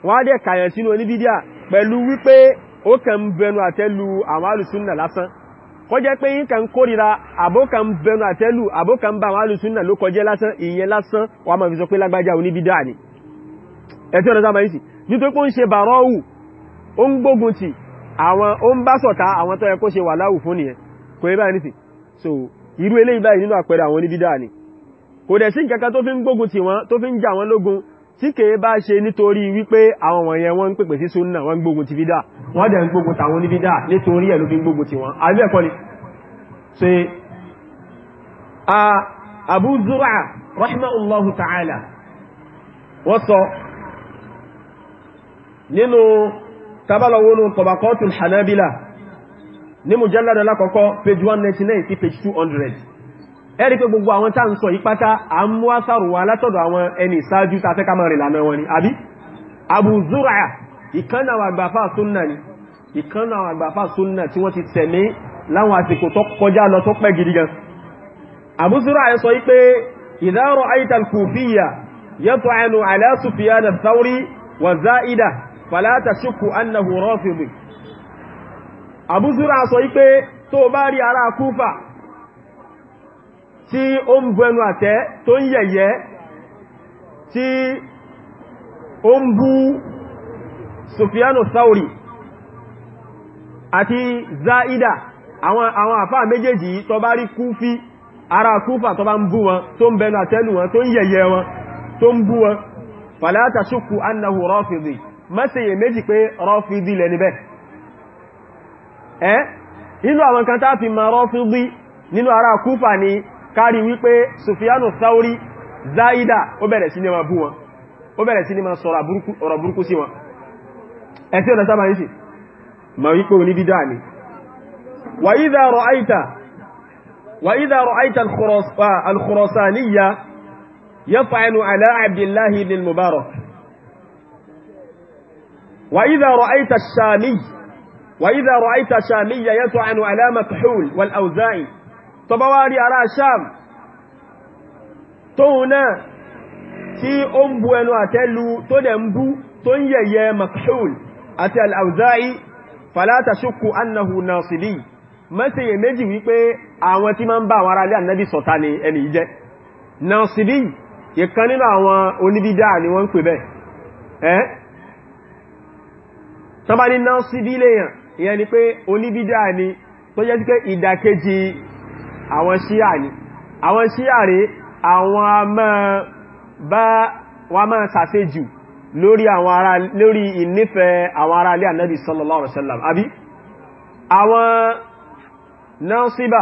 wọ́n á dẹ̀ kàyàn sínú oníbídá pẹ̀lú wípé ó kàn ń bẹnu àtẹ́lù àwọn alùsúnnà lásán kó jẹ́ pé yín kan kórira àbókan bẹnu àtẹ́lù àbókan bá àwọn alùsùnà ló kọjẹ́ lásán ìyẹn lásán wà máa fi sọ pé lágbájá oníbídà ni ẹ̀tí ọ̀nà sáà máa ń sì nítorí pé ó ń ṣe bàrọ́wù ó ń gbógun ti àwọn ó ń bá sọ̀tá àwọn tó yẹ kó ṣe wà láwù fún nìyẹn kò yẹ báyìí nìsí so irú eléyìí báyìí nínú àpẹẹrẹ àwọn oníbídà wọ́n dẹ̀ ń gbógun tàwọn oníbídà nítorí ẹ̀ ló fi ń gbógun ti wọn àbí ẹ̀kọ́ ni ṣe Abu Zur'a rahimahullahu ta'ala wọ́n sọ nínú tabalawonu tọbakọ́tul hanabila ní mujallada lákọ̀ọ́kọ́ page 199 sí page 200 ẹ̀rí pé gbogbo àwọn tá ń sọ ìpátá a ń mú àsàrù wa látọ̀dọ̀ àwọn ẹni ìsáájú tafẹ́kàmọ̀ ìkánà àwọn àgbàfà súnnà ni ìkánà àwọn àgbàfà súnnà tí wọ́n ti tẹ̀mí láwọn àsìkò tó kọjá lọ tó pẹ́ gidi gan àbúsúrà ẹ̀ sọ wípé ìdárò àìtàl kùfíyà yẹ́tọ̀ ẹnu àlẹ́sùfíyà da sauri wà záìdà falata ṣukù annahu rọ́fìdì sufiyanu sauri àti zaida àwọn àwọn àfá méjèèjì tó bá rí kúfí ara kúfà tó bá ń bú wọn tó ń bẹnu àtẹ́lù wọn tó ń yẹ̀yẹ wọn tó ń bú wọn fàlátà ṣùkú annahu rọ́fìdì mẹ́sẹ̀yẹ méjì pé rọ́fìdì lẹ́ni bẹ́ ẹ́ inú àwọn kan táàfi ma rọ́fìdì nínú ara kúfà ni kárí wípé sufiyanu sauri zaida ó bẹ̀rẹ̀ sí ni ma bú wọn ó bẹ̀rẹ̀ sí ni ma sọ̀rọ̀ burúkú sí wọn ẹ tí ọ̀nà sábà ń ṣe ma wípé òní bídá ni wa idha ra'aita wa idha ra'aita al-khurasaniya yaf'alu ala abdullahi ibn mubarak wa idha ra'aita ash-shami wa idha ra'aita ash-shamiya yaf'alu ala makhul wal awza'i tọbawari ara sham tóhun náà tí ó ń bu ẹnu àtẹ́lu tó dẹ̀ ń bú tó ń yẹ̀yẹ makhul àti al-Awza'i fala tashukku annahu nasili mẹ́sẹ̀yẹ méjì wípé àwọn tí ma ń bá àwọn ará ilé ànábì sọ̀tá ni ẹni jẹ́ nasili ìkan nínú àwọn oníbídá ni wọ́n ń pè bẹ́ẹ̀ àwọn ṣíà ni àwọn máa bá wọn máa sàṣejù lórí àwọn ará lórí ìnífẹ́ àwọn ará ilé ànábì sallallahu alaihi wasallam Abi, àwọn nánsíbà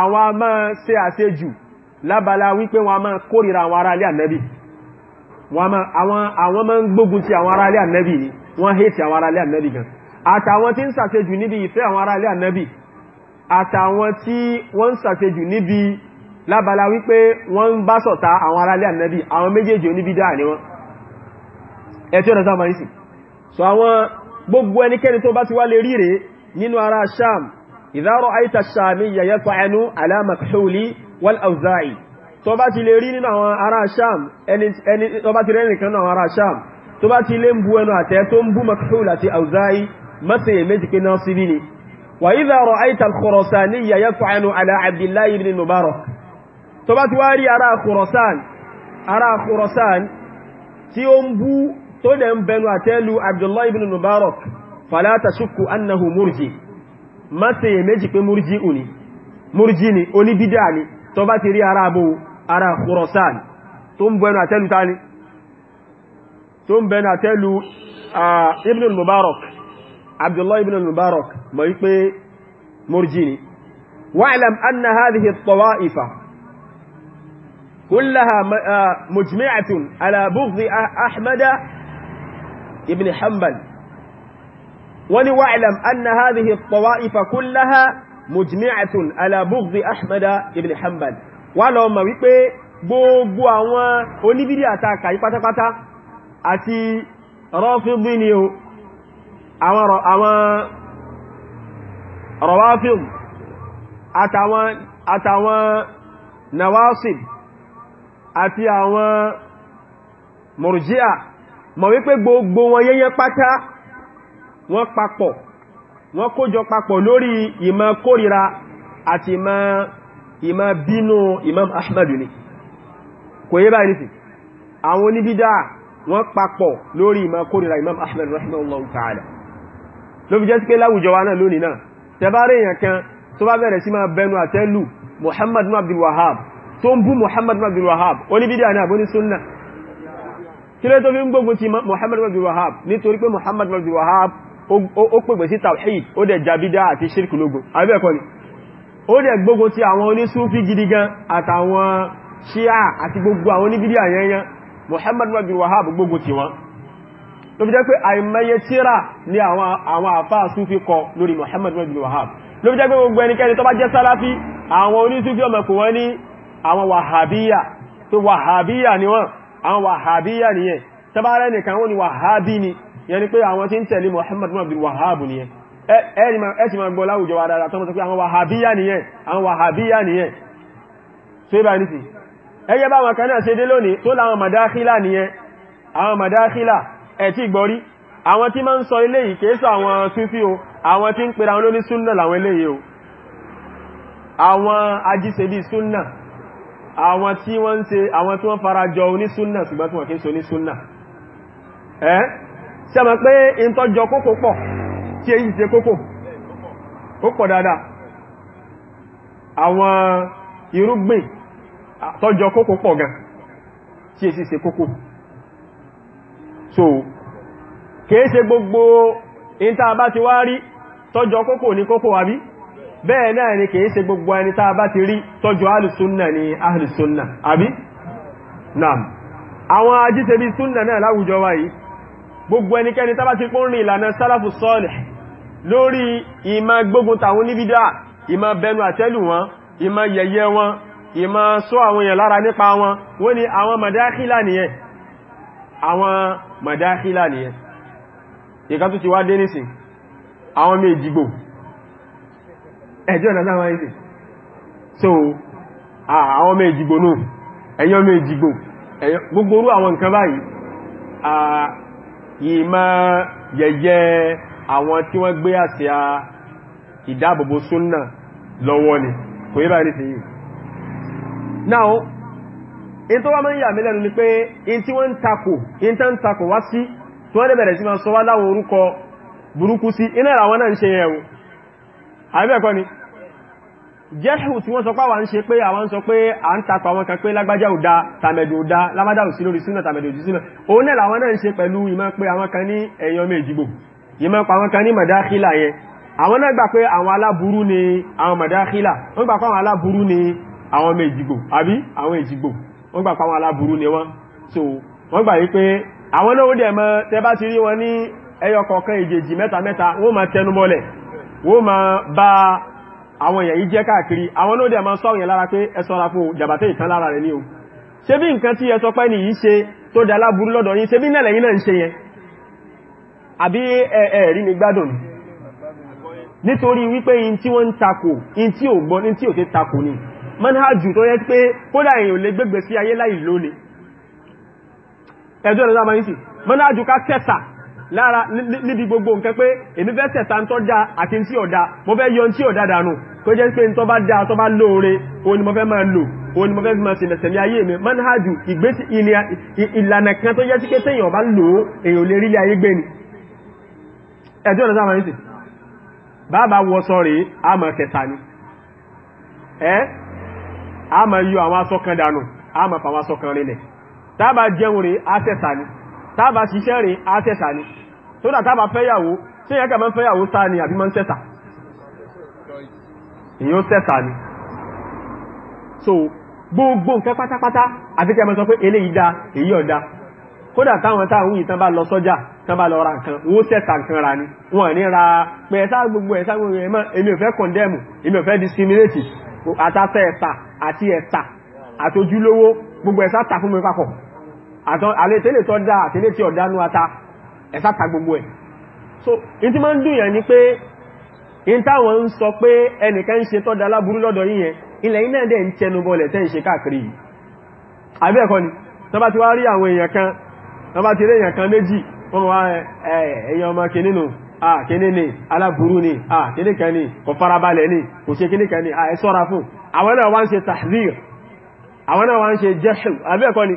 àwọn a máa ṣe àṣejù lábala wípé wọn a máa kórìíra àwọn ará ilé ànábì àwọn máa ń gbógun ti àwọn ará ilé ànábì ni wọ́n hẹ́tì àwọn ará ilé ànábì gan àtàwọn tí ń ṣàṣejù níbi ìfẹ́ àwọn ará ilé ànábì àtàwọn tí wọ́n ń ṣàṣejù níbi lábala wípé wọ́n ń bá ṣọ̀tá àwọn ará ilé ànábì àwọn méjèèjì oníbídà ni wọ́n ẹ̀tí ọ̀nà sáà marísì so àwọn gbogbo ẹnikẹ́ni tó bá ti wá lè ríre nínú ara sham ìdárọ̀ àìta sàmì yẹ̀yẹ́ fa'ẹnu alamakṣoli wal auza'i tó bá ti lè rí nínú àwọn ará sham ẹni tó bá ti rẹ́ nìkan náà ará sham tó bá ti lè ń bu ẹnu àtẹ́ tó ń bú makṣoli ti ó ń bú tó dẹ̀ ń bẹnu àtẹ́lu abdullahi ibn mubarak falata ṣukú annahu murji má ṣe yẹ méjì pé murji uni murji ni oníbídà ni tó bá ti rí ara abo ara khurasan tó ń bẹnu àtẹ́lu tani tó ń bẹnu àtẹ́lu ibn mubarak abdullahi ibn mubarak mọ̀ wípé murji ni wa'lam anna hadhihi at-tawa'ifa كلها مجمعة على بغض أحمد ibn hanbal wani wa'alam anna hadhihi at-tawa'ifa kullaha mujmi'atun ala bughdi ahmad ibn hanbal wá lọ mọ̀ wípé gbogbo àwọn oníbídí àtàkà yí pátápátá àti rọ́fíìdì ni o àwọn rọ̀wáfíìdì àtàwọn àtàwọn nawasib àti àwọn murji'a mọ̀ wípé gbogbo wọn yẹ́yẹ́ pátá wọ́n papọ̀ wọ́n kójọ papọ̀ lórí ìmọ̀ kórìíra àti ìmọ̀ bínú Imam Ahmad ni kò yé báyìí nìsì àwọn oníbídá wọ́n papọ̀ lórí ìmọ̀ kórìíra Imam Ahmad rahimahullahu ta'ala ló fi jẹ́ sí pé láwùjọ wa náà lónìí náà tẹbárẹ̀ èèyàn kan tó bá bẹ̀rẹ̀ sí máa bẹnu àtẹ́lù Muhammad ibn Abdul Wahhab tó kílé tó fi ń gbógun ti Muhammad wa Wahab nítorí pé Muhammad bin Wahab ó pègbè sí tawhid ó dẹ̀ jabida àti shirku lógun abẹ́ẹ̀kọ́ ni ó dẹ̀ gbógun ti àwọn onísúfí gidi gan àtàwọn ṣíà àti gbogbo àwọn oníbídí àyẹnyẹn Muhammad wa Wahab gbógun ti wọn tó fi jẹ́ pé àìmọye tíra ní àwọn àfáà súfí kọ lórí Muhammad wa Wahab ló fi jẹ́ pé gbogbo ẹnikẹ́ni tó bá jẹ́ sáláfí àwọn onísúfí ọmọkùnrin ní àwọn wàhábíyà tó wàhábíyà ni wọ́n àwọn wàhábíyà nìyẹn tàbárẹ́ nìkan wọ́n ni wàhábí ni yẹn ni pé àwọn tí ń tẹ̀lé Muhammad bin Abdul Wahhab nìyẹn ẹ sì máa gbọ́ láwùjọ wa dáadáa tó àwọn wàhábíyà nìyẹn àwọn wàhábíyà nìyẹn tó ibà nìsí ẹgẹ́ bá wọn kan náà ṣe dé lónìí tó láwọn madáhílà àwọn tí wọ́n ń ṣe àwọn tí wọ́n farajọ onísúnnà ṣùgbọ́n tí wọ́n kí ń ṣe onísúnnà ẹ́ ṣe mọ̀ pé in tọ́jọ kókò pọ̀ tí èyí ṣe kókò ó pọ̀ dáadáa àwọn irúgbìn tọ́jọ kókò pọ̀ gan tí èyí ṣe kókò so kìí ṣe gbogbo in tá a bá ti wá rí tọ́jọ kókò ní kókò àbí bẹ́ẹ̀ náà ni kìí ṣe gbogbo ẹni tá bá ti rí tọ́jú alùsúnnà ni alùsúnnà àbí naam àwọn ajíṣẹ́bí súnnà náà láwùjọ wa yìí gbogbo ẹnikẹ́ni tá a bá ti pọ́n rìn ìlànà sálàfù sọ́ọ̀lẹ̀ lórí ìmá gbógun tàwọn níbídá ìmá bẹnu àtẹ́lù wọn ìmá yẹyẹ wọn ìmá sọ àwọn èèyàn lára nípa ni àwọn màdáhílà nìyẹn àwọn màdáhílà nìyẹn ìkan tó ti wá dé ẹjọ́ ìlànà àwọn ìsìn so àwọn ọmọ ìjìgbò náà ẹ̀yọ́ ọmọ ìjìgbò gbogbo orú àwọn nǹkan báyìí yìí máa yẹ̀yẹ́ àwọn tí wọ́n gbé àsíá ìdáàbòbò súnnà lọ́wọ́ ni kò yí báyìí sí now in tó wá mọ́ ìyà mílẹ̀nu ni pé in tí wọ́n ń takò in tán takò wá sí tí wọ́n dẹ̀bẹ̀rẹ̀ sí máa sọ wá láwọn orúkọ burúkú sí iná àwọn náà ń ṣe yẹ̀wò àbẹ́ẹ̀kọ́ ni jẹ́hù tí wọ́n sọ pé àwọn ń ṣe pé àwọn sọ pé à ń tapọ̀ àwọn kan pé lágbájá ò da tàmẹ̀dò da lágbájá ò sí lórí súnà tàmẹ̀dò sí súnà òun náà làwọn náà ń ṣe pẹ̀lú ìmọ̀ pé àwọn kan ní ẹ̀yọ́ méjìgbò ìmọ̀ pa àwọn kan ní mọ̀dáhílà yẹn àwọn náà gbà pé àwọn aláburú ni àwọn mọ̀dáhílà so wọ́n gbà wípé àwọn náà ó dẹ̀ mọ tẹ bá ti rí wọn ní ẹyọ kọ̀ọ̀kan èjèèjì àwọn èèyàn yìí jẹ́ káàkiri àwọn ló dẹ̀ máa sọ́rọ̀ yẹn lára pé ẹ ṣọ́ra fún jàbàtẹ́ ìkan lára rẹ̀ ní o ṣe bí nǹkan tí ẹ sọ pé ní yìí ṣe tó dá láburú lọ́dọ̀ yín ṣe bí nẹ̀lẹ̀ yìí náà ń ṣe yẹn àbí ẹ̀ẹ̀rí mi gbádùn nítorí wípé in tí wọ́n ń takò in tí ò gbọ́ in tí ò ti takò ni manhajù tó yẹ pé kódà èèyàn lè gbégbé sí ayé láì lónìí ẹjọ́ ìrẹ́lá máa ń sì manhajù ká tẹ́sà lára níbi gbogbo nǹkan pé èmi fẹ́ tẹ̀ta ń tọ́ da àti tí ọ̀dá mo fẹ́ yọ tí ọ̀dá dànù kó jẹ́ pé tó bá da tó bá lóore òun ni mo fẹ́ máa lò òun ni mo fẹ́ máa ayé mi manhajù ìgbésí ìlànà kan tó sí pé lò ni ọ̀nà sáà máa ń bàbá wọ kẹta ni yọ àwọn asọ́kan dànù asọ́kan rinlẹ̀ tábà jẹun tábà ṣiṣẹ́ rẹ̀ á tẹ́sà ni tó dà tábà fẹ́yàwó tí èyàn kẹ́ mọ́ fẹ́yàwó sá ni àbí mọ́ ń tẹ́sà èyàn tẹ́sà ni so gbogbo nǹkan pátápátá àti kẹ́ mọ́ sọ pé eléyìí dá èyí ọ̀dá kódà táwọn táwọn yìí tán bá lọ sọ́jà tán bá lọ ra nǹkan wó tẹ́sà nǹkan ra ni wọ́n ní ra pé ẹ̀sá gbogbo ẹ̀sá gbogbo ẹ̀mọ́ èmi ò fẹ́ condemn èmi ò fẹ́ discriminate àtàtà ẹ̀sà àlẹ́ tẹ́lẹ̀ tọ́ dáa àtẹ́lẹ̀ tí ọ̀dá nú ata ẹ̀sá ta gbogbo ẹ̀ so in ti máa ń dùn yàn ni pé in táwọn ń sọ pé ẹnìkan ń ṣe tọ́ da láburú lọ́dọ̀ yíyẹn ilẹ̀ iná dẹ̀ ń tẹnu bọlẹ̀ tẹ́ ni àwọn ah kìnní ni aláburú ni ah kìnní kan ni ni kò ṣe ah ẹ sọ́ra fún àwọn náà wá ń ṣe tahzir àwọn náà wá ń ṣe jẹ́ṣù àbí ni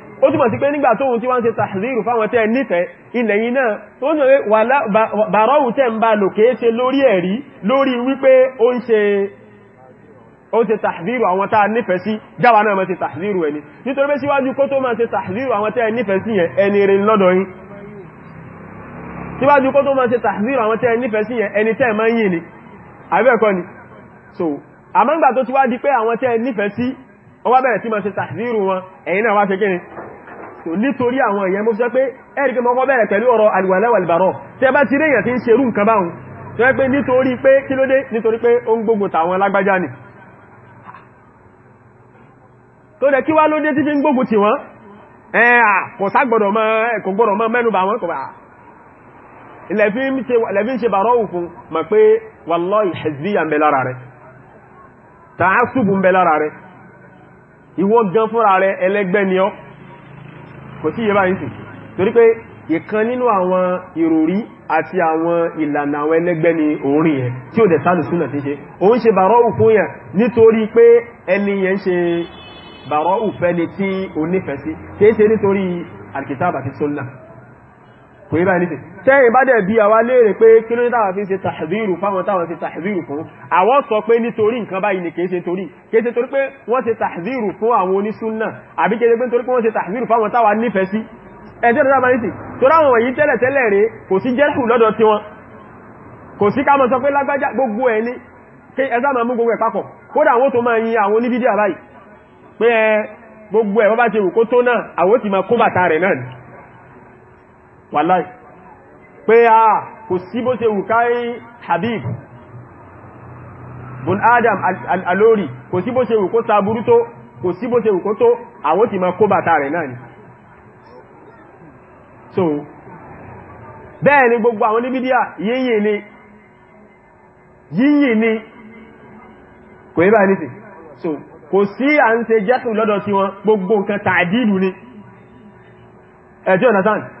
ó túnmọ̀ sí pé nígbà tóhun tí wọ́n ṣe tàhzírù fáwọn tẹ́ nífẹ̀ẹ́ ilẹ̀ yìí náà tó ń sọ̀rọ̀ bàrọ́wù tẹ́ ń bá lò kéé ṣe lórí ẹ̀rí lórí wípé ó ń ṣe tàhzírù àwọn tàà nífẹ̀ẹ́ sí jáwà náà mọ́ ṣe tàhzírù ẹni nítorí pé síwájú kó tó máa ṣe tàhzírù àwọn tẹ́ nífẹ̀ẹ́ sí yẹn ẹni rẹ̀ lọ́dọ̀ yín síwájú kó tó máa ṣe tàhzírù àwọn tẹ́ nífẹ̀ẹ́ sí yẹn ẹni tẹ́ máa ń yìn ni àbẹ́ẹ̀kọ́ ni so àmọ́ngbà tó ti wá di pé àwọn tẹ́ nífẹ̀ẹ́ sí wọ́n bẹ̀rẹ̀ sí máa ṣe tàhzírù wọn ẹ̀yin náà wá ṣe kíni so nítorí àwọn èèyàn mo sọ pé ẹ̀rí pé mọ́kọ́ bẹ̀rẹ̀ pẹ̀lú ọ̀rọ̀ àlùwàlẹ́wàlìbàrọ̀ tí ẹ bá ti réyàn tí ń ṣerú nǹkan báhùn tó ẹ pé nítorí pé kí ló dé nítorí pé ó ń gbógun tàwọn lágbájá ni tó dẹ̀ kí wá ló dé tí fi ń gbógun tì wọ́n ẹ̀à kò ságbọ̀dọ̀ mọ́ ẹ̀kọ́ gbọ́dọ̀ mọ́ mẹ́nu bà wọ́n kò bá ọ́ kò tí yẹ báyìí sì torí pé ìkan nínú àwọn ìròrí àti àwọn ìlànà àwọn ẹlẹ́gbẹ́ ni orin yẹn tí ó dẹ̀ sáàlù súnà tí ṣe o ń ṣe bàrọ́ òfún yẹn nítorí pé ẹni yẹn ṣe bàrọ́ òfẹ́ni tí ó nífẹ̀ẹ́ sí kéèṣe nítorí alkitab àti sunnah kò yí báyìí nìsìn tẹ́yìn bá dẹ̀ bí àwa léèrè pé kí ló ní táwọn fi ń ṣe tàhídìrù fáwọn táwọn ṣe tàhídìrù fún àwọn sọ pé nítorí nǹkan báyìí ni kìí ṣe torí kìí ṣe torí pé wọ́n ṣe tàhídìrù fún àwọn onísúnnà àbí kìí ṣe pé nítorí pé wọ́n ṣe tàhídìrù fáwọn táwa nífẹ̀ẹ́ sí ẹjọ́ ìjọba ní sí torí àwọn èyí tẹ́lẹ̀ tẹ́lẹ̀ rẹ̀ kò sí jẹ́sù lọ́dọ̀ tí wọn kò sí ká mọ̀ sọ pé lágbájá gbogbo ẹ̀ ní kí ẹzá máa mú gbogbo ẹ̀ papọ̀ kódà àwọn tó máa yin àwọn oníbídí àbáyìí pé gbogbo ẹ̀ wọ́n bá ti wù kó tó náà àwọn ti máa kó bàtà rẹ̀ náà wàláì pé a ah, kò sí bó ṣe wù káyí Habib bun Adam alórí kò sí bó ṣe wù kó sàbúrú tó kò sí bó ṣe wù kó tó àwọn ti ma kó bàtà rẹ̀ náà ni so bẹ́ẹ̀ ni gbogbo àwọn níbídíà yíyìn ni yíyìn ni kò yíba ní sí so kò sí à ń ṣe jẹ́sùn lọ́dọ̀ tí wọn gbogbo nǹkan tàdílù ni ẹjọ́ eh,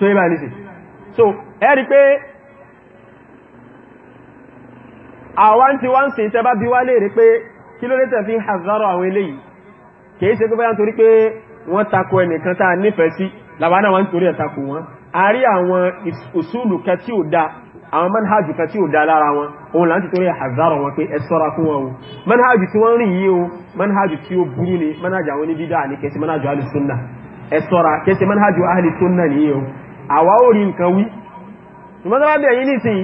so yíba nìsìn so ẹ̀rí pé àwọn tí wọ́n ń sin tẹ́ bá bí wá léèrè pé kí ló lẹ́tẹ̀ fi hazọ́rọ̀ àwọn eléyìí kìí ṣe gbogbo nítorí pé wọ́n tako ẹnìkan tá nífẹ̀ẹ́ sí labana wọ́n torí ẹ̀tako wọn a rí àwọn òṣùlù kẹ tí ò dá àwọn manhajù kẹ tí ò dá lára wọn òun láti torí hazọ́rọ̀ wọn pé ẹ sọ́ra fún wọn o manhajù tí wọ́n rìn yìí o tí ó burú ni manhajù àwọn oníbídà ní kẹsí manhajù alìsúnnà ẹ sọ́ra kẹsí manhajù alìsúnnà nìyí o àwa ò rí nǹkan wí ìmọ́sábábẹ̀ yìí nìsìn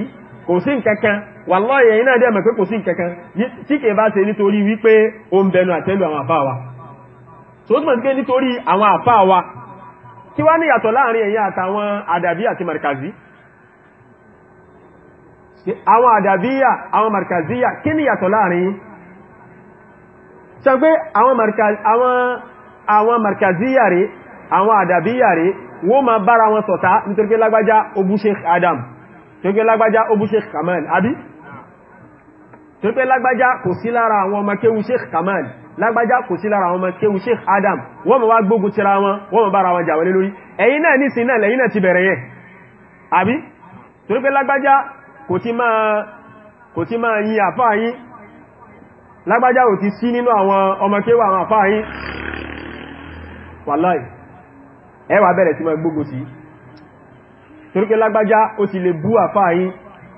kò sí nǹkankan wallahi yìí náà dẹ̀mẹ̀ pé kò sí nǹkankan tí kè bá ṣe nítorí wípé o ń bẹnu àtẹ́lù àwọn àfáà wa so ó túnmọ̀ sí pé nítorí àwọn àfáà wa kí wá ní yàtọ̀ láàrin ẹ̀yin àtàwọn àdàbíyà àti markazi àwọn àdàbíyà àwọn markaziya kí ní yàtọ̀ láàrin sọ àwọn àdàbíyà rẹ̀ wọ́n ma bára wọn ṣọ̀tá nítorí pé lágbájá obú Adam torí pé lágbájá obú Sheikh Kamal àbí torí pé lágbájá kò sí lára àwọn ọmọ kéwu Sheikh Kamal lágbájá kò sí lára àwọn ọmọ kéwu Sheikh Adam wọ́n ma wá gbógun tira wọn wọ́n ma bára wọn jà wọlé lórí ẹ̀yin náà ní sin náà lẹ́yìn náà ti bẹ̀rẹ̀ yẹn àbí torí pé lágbájá kò ti máa ẹ wá bẹ̀rẹ̀ sí máa gbógun sí torí pé lágbájá ó ti lè bú àfáà yín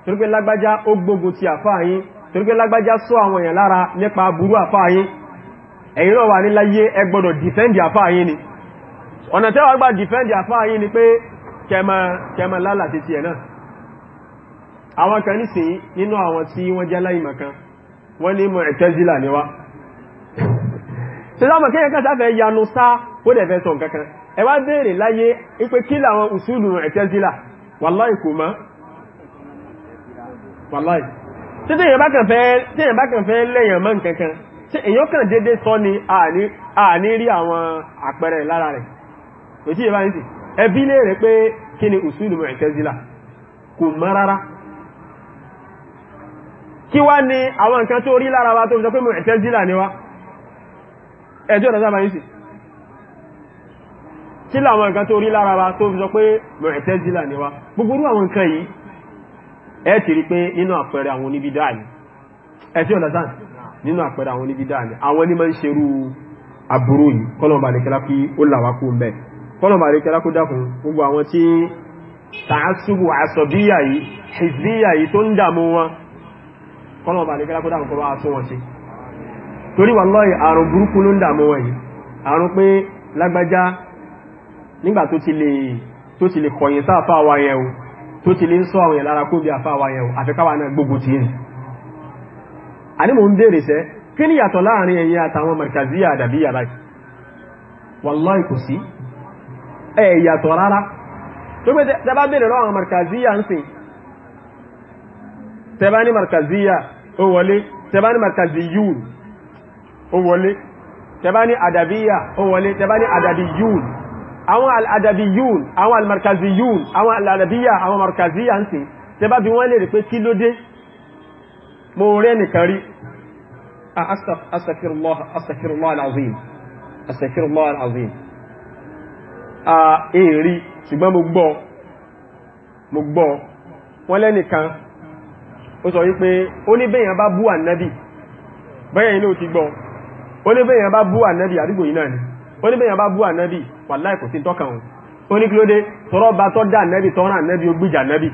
torí pé lágbájá ó gbógun ti àfáà yín torí pé lágbájá sọ àwọn èèyàn lára nípa aburú àfáà yín ẹ̀yin náà wà ní láyé dìfẹ́ndì àfáà yín ni ọ̀nà tẹ́wàá gbà dìfẹ́ndì àfáà yín ni pé kẹmọ lálà títí ẹ̀ náà àwọn kan nísìn nínú àwọn tí wọ́n jẹ́ láìmọ̀ kan wọ́n ní mọ̀ ẹ̀tẹ́zílà níwá ṣe sáàmù kéyẹ kan ẹ wá béèrè láyé ipé kí làwọn usulu mu'tazila wàláì kò mọ́ wàláì tí èyàn bá kàn fẹ́ lẹ́yàn mọ́ nkankan tí èyàn kàn dédé sọ ni àní rí àwọn àpẹẹrẹ lára rẹ̀ kò tí ìbá nìtì ẹbí lè rẹ̀ pé kí ni usulu mu'tazila kò mọ́ rárá kí wá ni àwọn nǹkan tó rí lára wa tó fi sọ pé mu'tazila ni wá ẹjọ́ ìdájá bá nìtì kí làwọn nǹkan tó rí lára wa tó fi sọ pé Mu'tazila ni wa gbogbo orú àwọn nǹkan yìí ẹ ti rí pé nínú àpẹẹrẹ àwọn oníbídà ni ẹ ti understand nínú àpẹẹrẹ àwọn oníbídà ni àwọn ní máa ń ṣerú aburú yìí kọ́lọ̀mbà lè kẹ́lá kí ó làwá kó mbẹ́ kọ́lọ̀mbà lè kẹ́lá kó dákun gbogbo àrùn burúkú ló ń dààmú wọn àrùn pé lágbájá nígbà tó ti lè tó ti lè kọ̀yìn sá àfá wa yẹn o tó ti lè ń sọ àwọn ìlara kó bí àfá wa yẹn o àfikáwà náà gbogbo ti rìn a ní mo ń bèèrè sẹ́ kí ni yàtọ̀ láàrin ẹ̀yin àtàwọn markaziya markaziyun ó wọlé tẹbá ní àdàbíyà ó wọlé tẹbá àwọn al'adabiyun àwọn almarkaziyun àwọn al'adabiyya àwọn markaziyya ń ṣe tẹ bá bí wọ́n lè rí pé kí ló dé mo rẹ́ nìkan rí astaghfirullah astaghfirullah alazim astaghfirullah alazim a èrí ṣùgbọ́n mo gbọ́ mo gbọ́ wọ́n lẹ́nìkan ó sọ wípé ó ní bẹ́yàn bá bú ànábì bẹ́yàn ó ní bẹ́yàn bá bú ànábì wàláì kò sí tọ́kàn òun ó ní kí ló dé tọ́rọ bá tọ́ dá ànábì tọ́rọ ànábì ó gbìjà ànábì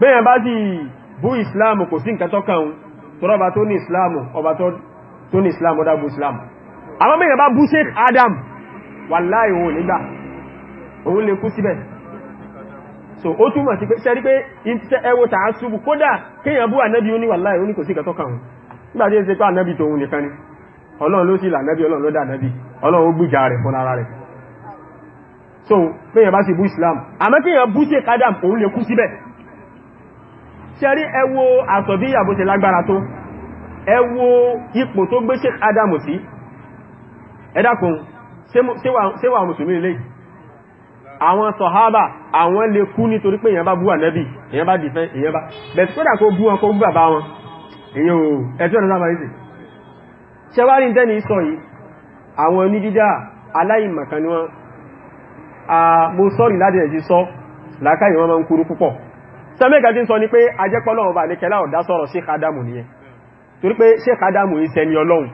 bẹ́yàn bá sì bú ìsìláàmù kò sí nǹkan tọ́kàn òun tọ́rọ bá tó ní ìsìláàmù ọba tó ní ìsìláàmù ọdá bú ìsìláàmù Adam wàláì òun nígbà òun lè so ó túmọ̀ sí pé sẹ́rí pé ẹwọ tàà ṣubù kódà kéèyàn bú ànábì ó ní wàláì ó ní kò sí ọlọ́run ló sì lànẹ́bí ọlọ́run ló dànẹ́bí ọlọ́run ó gbìjà rẹ̀ fún ara rẹ̀ so péyàn bá sì bú islam àmọ́ kí èyàn bú sí kádàm òun lè kú síbẹ̀ ṣe rí ẹ wo àtọ̀bí ìyàbò ṣe lágbára tó ẹ wo ipò tó gbé ṣe kádàm sí ẹ dákun ṣé wà mùsùlùmí lè àwọn sọ̀hábà àwọn lè kú nítorí pé èyàn bá bú ànẹ́bí èyàn bá dìfẹ́ èyàn bá ṣẹwárí tẹ́ni sọ yìí àwọn onídídá aláìmọ̀kan ni wọ́n mo sọ́rì láti ẹ̀jì sọ làákàyè wọn máa ń kúrú púpọ̀ sẹ́mẹ́ka tí ń sọ ni pé ajẹ́pọ́lọ́wọ́ bà níkẹ́lá ọ̀dá sọ̀rọ̀ Sheikh Adamu nìyẹn torí pé Sheikh Adamu yìí sẹni ọlọ́run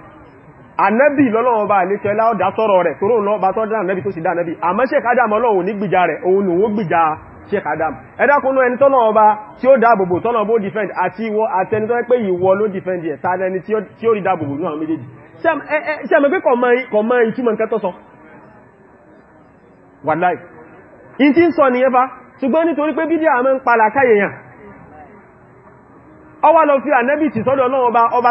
anẹ́bì lọ́lọ́wọ́ bà níkẹ́lá ọ̀dá sọ̀rọ̀ rẹ̀ toró lọ́ba tọ́dá anẹ́bì tó sì dá anẹ́bì àmọ́ Sheikh Adamu ọlọ́run Sheikh Adam ẹ̀dàkùnú ẹni tọ́nà ọba tí ó dáàbòbò tọ́nà bó defend àti ìwọ àtẹni tó ń pè ìwọ ló defend yẹ tààdà ẹni tí ó rí dáàbòbò ní àwọn méjèèjì ṣe àmì pé kọ̀ mọ́ ìtumọ̀ nǹkan tó sọ wàláì in ti ń sọ nìyẹn fa ṣùgbọ́n nítorí pé bídí àmọ́ ń palà káyèyàn ọwá lọ fi ànẹ́bì tìsọ́dọ̀ náà ọba ọba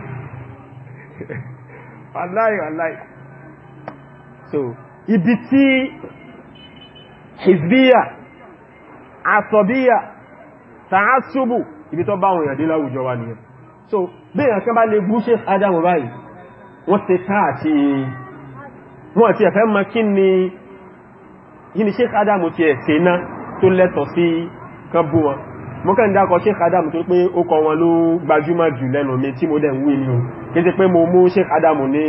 wàláì wàláì so ibi tí hizbiya asọ̀bíyà tààsùbù ibi tó bá wọn yàdé láwùjọ wa nìyẹn so bí èèyàn kan bá lè bú Sheikh Adamu báyìí wọ́n ti ká àti wọ́n ti ẹ̀fẹ́ mọ́ kí ni yí ni Sheikh Adamu ti ẹ̀sẹ̀ náà tó lẹ́tọ̀ sí kan bú wọn mọ́kàndákọ̀ Sheikh Adamu tó pé ó kọ wọn ló gbajúmọ̀ jù lẹ́nu mi tí mo dẹ̀ ń wí ni o kéde pé mo mú Sheikh Adamu ní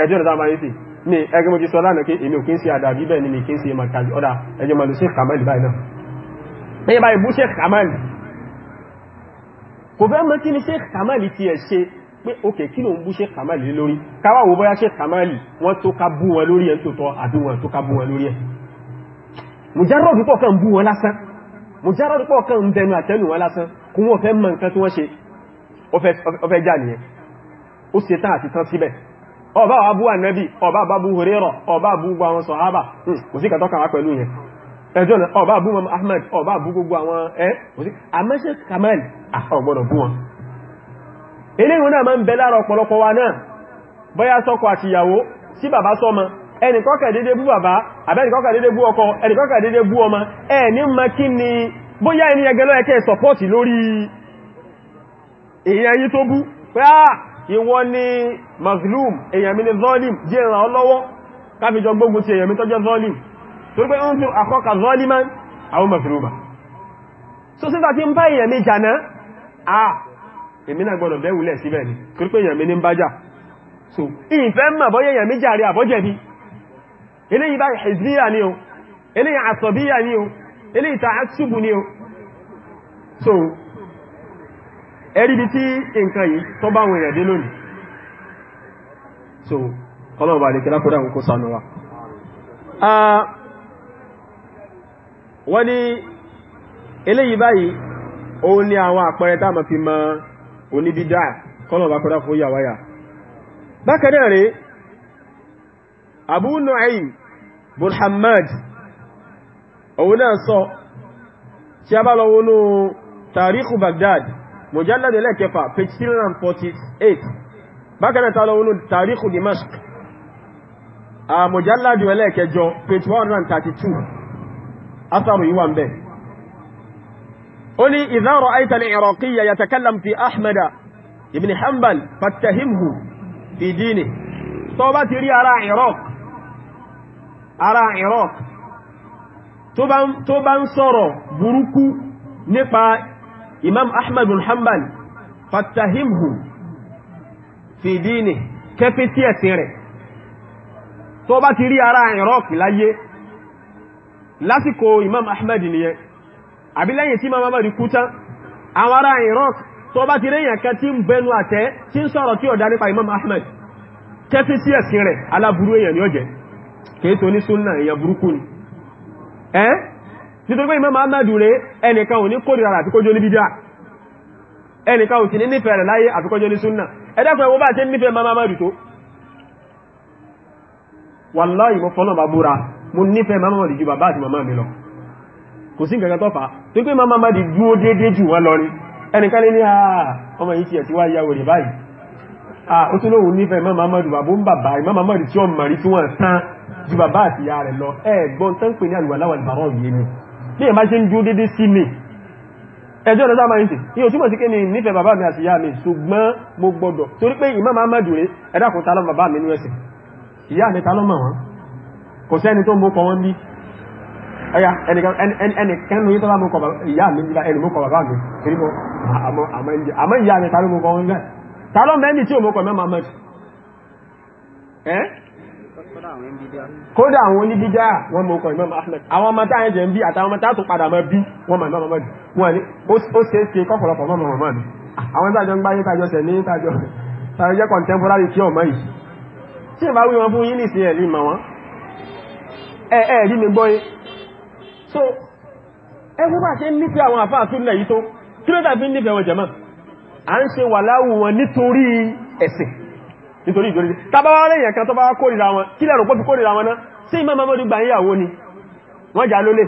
ẹjọ́ ìrọ̀dá máa ń sì ní ẹgbẹ́ mo ti sọ lánàá pé èmi ò kí ń ṣe àdàbí bẹ́ẹ̀ ni mi kí ń ṣe màkàlì ọ̀dà ẹjọ́ màlù Sheikh Kamal báyìí náà ẹyẹ báyìí bú Sheikh Kamal kò fẹ́ mọ́ kí ni Sheikh Kamal ti ẹ̀ ṣe pé òkè kí ló ń bú Sheikh Kamal lórí káwà wo bóyá Sheikh Kamal wọ́n tó ká bú wọn lórí ẹ̀ tó tọ́ àbí wọn tó ká bú wọn lórí ẹ̀ mùjárọ̀dù pọ̀ kan bú wọn lásán mùjárọ̀dù pọ̀ kan ń dẹnu àtẹnu wọn lásán kò wọ́n fẹ́ mọ nǹkan tí wọ́n ṣe ó fẹ́ nìyẹn ó ṣe tán àti tán síbẹ̀ ọba àbú ànẹ́bì ọba àbábú horérọ̀ ọba àbú gbogbo àwọn sọ̀hábà hmm, kò sí kàtọ́kà wá pẹ̀lú yẹn ẹjọ́ náà ọba àbú Ahmed ọba àbú gbogbo àwọn ẹ́ kò Kamal ọgbọ́dọ̀ bú wọn eléyìí náà máa ń bẹ lára ọ̀pọ̀lọpọ̀ wa náà bóyá sọ́kọ àti ìyàwó sí bàbá sọ́mọ ẹnìkan kàn déédé bú bàbá àbẹ́nìkan kàn déédé bú ọkọ ẹnìkan ni bóyá ẹni ẹgẹ́lọ́ ẹkẹ́ sọ̀pọ̀tì lórí èèyàn yí tó bú pé ah, ìwọ ni mazlum èyàn mi ni zolim jẹ́ ìràn ọlọ́wọ́ káfíjọ gbógun ti èyàn mi tọ́jọ́ zolim torí pé ń tún àkọ́kà zoliman àwọn mazluma so síta ti ń bá èyàn mi jàná à èmi náà gbọ́dọ̀ bẹ́wulẹ̀ síbẹ̀ ni torí pé èyàn mi ní ń bájà so ìfẹ́ mọ̀ bọ́yẹ̀ èyàn mi jàrí àbọ́jẹ̀bi eléyìí bá hizbiya ni o eléyìí àsọ̀bíyà ni o eléyìí ta'assubu ni o so ẹ̀ríbi tí nǹkan yìí tó bá wọn ìrẹ̀dé lónìí so ọlọ́ọ̀bà lè kí lápọ́dá kò sánú wa wọ́n ní eléyìí báyìí òun ni àwọn àpẹẹrẹ tá ma fi mọ oníbídá kọlọ̀bà kọ́dá fún yàwáyà bákanáà Abu Nu'aym bin Hammad òun náà sọ tí a bá tàríkù Baghdad mujallad lẹ́kẹfà page 348 bákan náà tààlọ́ wọnú tàríkù dimashq a mujallad lẹ́kẹjọ page 132 asaru yíwa ń bẹ̀ ó ní idha ra'ayta al-iraqiyya yatakallam fi ahmada ibn hanbal fattahimhu fi dini tó bá ti rí ara iraq ara iraq tó bá ń sọ̀rọ̀ burúkú nípa imam ahmad bin hanbal fatahimhu fi dini kẹfẹ́ tí ẹ̀sìn rẹ̀ tó bá ti rí ara ìrọ́ọ̀kì láyé lásìkò imam ahmad nìyẹn àbí lẹ́yìn tí imam ahmad kú tán àwọn ará ìrọ́ọ̀kì tó bá ti rí èyàn kan tí ń bẹnu àtẹ́ tí ń sọ̀rọ̀ tí ó dá nípa imam ahmad kẹfẹ́ tí ẹ̀sìn rẹ̀ aláburú èyàn ni ó jẹ́ kìí ní súnnà èyàn burúkú ni eh? nítorí pé Imam Ahmad rẹ̀ ẹnìkan ò ní kórìíra rẹ̀ àfikójó ní bídíà ẹnìkan ò sì ní nífẹ̀ẹ́ rẹ̀ láyé àfikójó ní súnnà ẹ̀dẹ́kùn ẹwọ́ bá tẹ́ nífẹ̀ẹ́ Imam Ahmad tó wàláyì mọ́ fọ́nà bá búra mo nífẹ̀ẹ́ Imam Ahmad ju bàbá àti màmá mi lọ kò sí nǹkan tọ́fà tó pé Imam Ahmad dúó déédéé jù wọ́n lọ rí ẹnìkan ní ọmọ yìí ti ẹ̀ ti wá yáwó rẹ̀ báyìí ó tún lóhun nífẹ̀ẹ́ Imam Ahmad bàbá ń bàbá Imam lọ ẹ̀gbọ́n tán pè ní àlùwàláwà ìbàrọ̀ yìí ni bí èyàn bá ṣe ń dúó dédé sí mi ẹjọ́ ọ̀dọ́ sáàmà ìsìn ní òtúmọ̀ sí kéni nífẹ̀ẹ́ bàbá mi àti ìyá mi ṣùgbọ́n mo gbọ́dọ̀ torí pé Imam Ahmad rẹ̀ ẹ̀dàkùn talọ́ bàbá mi ní ẹ̀sìn ìyá mi talọ́ mọ̀ wọ́n kò sẹ́ni tó mọ́kọ wọn bí ẹ̀yà ẹnìkẹ́nu yíta bá mọ́kọ ìyá mi bí ẹni mọ́kọ bàbá mi torí kódà àwọn oníbídá wọn mọ̀ ọkọ̀ Imam Ahmed àwọn ọmọ táyẹ̀ jẹ́ ń bí àtàwọn ọmọ táyẹ̀ tó padà mọ́ bí wọn mọ̀ Imam Ahmed wọn ni ó ṣe é ṣe kọ́kọ̀lọpọ̀ mọ́ mọ̀ mọ́ mi àwọn tájọ ń gbáyé tájọ sẹ̀ ní tájọ tájọ jẹ́ contemporary tí ọmọ yìí tí ìbá wí wọn fún yín nìsín ẹ̀rí mọ̀ wọn ẹ̀ ẹ̀ rí mi gbọ́ yé so ẹ wọ́n bá ṣe ń nífẹ̀ẹ́ àwọn àfáà tún lẹ̀ yìí tó kí ló dàbí nífẹ̀ẹ́ wọn jẹ̀mọ́ à ń ṣe wàláwù wọn nítorí ẹ̀sìn nítorí ìjọrí tàbáwá rẹ̀ èèyàn kan tó bá kórìra wọn kí lẹ́rùn pọ́ fi kórìra wọn náà sí ìmọ̀ mọ́mọ́dún gbà yíyàwó ni wọ́n jà lólè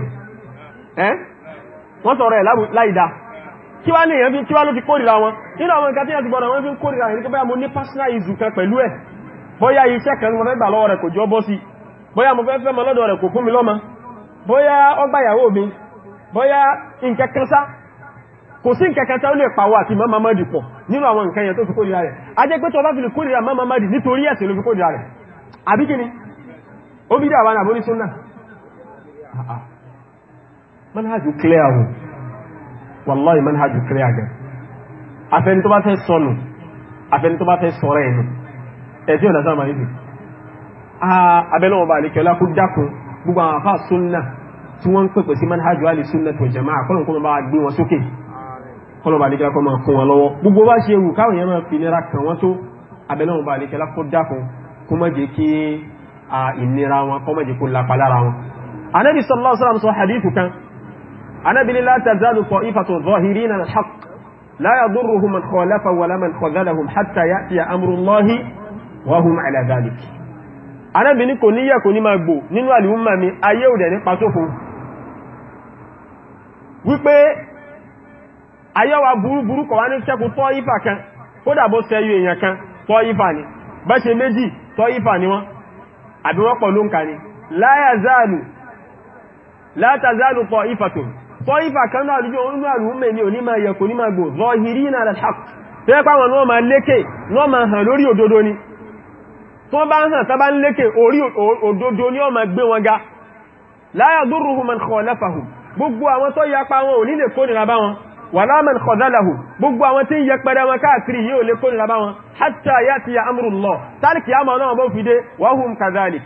ẹ́n wọ́n sọ̀rọ̀ ẹ̀ láìdá kí wá ní èèyàn kí wá ló fi kórìra wọn nínú àwọn nǹkan tí wọ́n ti gbọ́dọ̀ wọ́n fi ń kórìra ẹ̀rí bóyá mo ní personal issue kan pẹ̀lú ẹ̀ bóyá iṣẹ́ kan mo fẹ́ gbà lọ́wọ́ rẹ̀ kò jọ bọ́ sí bóyá mo fẹ́ fẹ́ mọ lọ́dọ̀ rẹ̀ kò fún mi lọ́mọ bóyá ọgbà ìyàwó mi bóyá nǹkan kan sá kò sí nkẹ̀kẹ́ tó lè pàwọ́ àti Imam Ahmad pọ̀ nínú àwọn nǹkan yẹn tó fi kórìíra rẹ̀ a jẹ́ pé tó bá fi lè kórìíra Imam Ahmad nítorí ẹ̀sìn ló fi kórìíra rẹ̀ àbí kí ni ó bí dáwà náà bó ní súnnà wallahi manhajù clear gan afẹ́ni tó bá fẹ́ sọnù afẹ́ni tó bá fẹ́ sọ̀rọ̀ ẹ̀nu ẹ̀sìn ọ̀nà sáà màlìkì abẹ́lọ́wọ̀ bá àlekẹ́ ọlá kó dákun gbogbo àwọn àfáà súnnà tí wọ́n ń pèpè sí manhajù alì súnnà tó jama'a kọ́lùn kó bá gbé wọn sókè kọlọ̀bà àdíkẹ́lá kọ́ máa kún wọn lọ́wọ́ gbogbo bá ṣe wù káwọn èèyàn máa fi nira kàn wọ́n tó abẹ́lẹ́wọ̀n bá àdíkẹ́lá kó dákun kó má jẹ́ kí ìnira wọn kó má jẹ́ kó lapa lára wọn anábì sallallahu alaihi wasallam sọ hadith kan anábì la tazalu ta'ifatu zahirina al-haqq la yadurruhum man khalafa wala man khadhalahum hatta ya'tiya amrullahi wa hum ala dhalik anábì ní kò níyà kò ní máa gbò nínú àlùmọ́ mi ayé òdẹ̀ nípa sófo wípé ayọ́wà burúburú kọ̀wá ní ṣẹ́kù tọ́ ìfà kan kódà bó sẹ́yọ èèyàn kan tọ́ ìfà ni bá ṣe méjì tọ́ ìfà ni wọ́n àbí wọ́n pọ̀ ló ń ka ni látàzálù tọ́ ìfà tó tọ́ ìfà kan náà lójú orúnú àrùnmẹ́ ni onímọ̀ ẹ̀yẹ̀kù onímọ̀ gbò zọ́hìrí náà lè ṣàkù tó yẹ pàwọn náà máa lékè náà máa hàn lórí òdodo ni tó bá ń hàn tábá ń lékè orí òdodo ni ó máa gbé wọn ga láyà dúrùhùn man khalafahum gbogbo àwọn tó yapa wọn ò ní kó nira wọn wàlámàn kọ̀dálàhù gbogbo àwọn tí ń yẹpẹrẹ wọn káàkiri yìí ò lè kó nìlàbá wọn hátà yá ti ya amúrùlọ tálìkì àmà náà bó fi dé wáhùn kazalik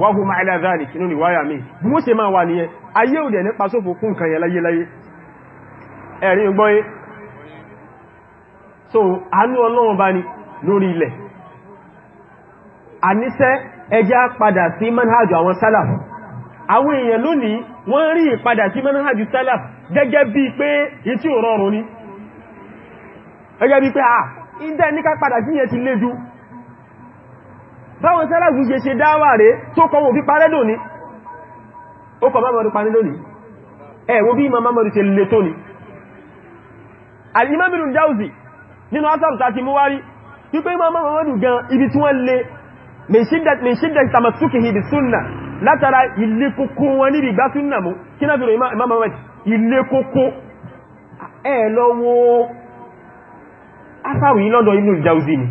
wáhùn ma'ala zalik nínú ìwáyà mi bí mú ṣe máa wà nìyẹn ayé ò dẹ̀ nípa kan yẹn láyéláyé ẹ̀rin so àánú ọlọ́run bá ní lórí ilẹ̀ àníṣẹ́ ẹjá padà sí manhajù àwọn sálàf àwọn èèyàn lónìí wọ́n rí ìpadà gẹ́gẹ́ bí pé ìtí ò rọrùn ni gẹ́gẹ́ bí pé à ìdẹ́ ní ká padà síyẹ ti lé ju báwọn sẹ́lẹ̀gùn ṣe ṣe dáwà rẹ̀ tó kọ́ wọ́n fi parẹ́ lónìí ó kọ̀ mọ́mọ̀rí parẹ́ lónìí ẹ̀ bí imam mọ́mọ̀rí lè tó ni al-Imam Ibn Jawzi nínú asáàrù tàti mú wárí wípé imam mọ́mọ̀rí gan ibi tí wọ́n lè min shiddat tamassukihi ilé kókó ẹ lọ wo asáwì yìí lọ́dọ̀ inú ìjáuzí ni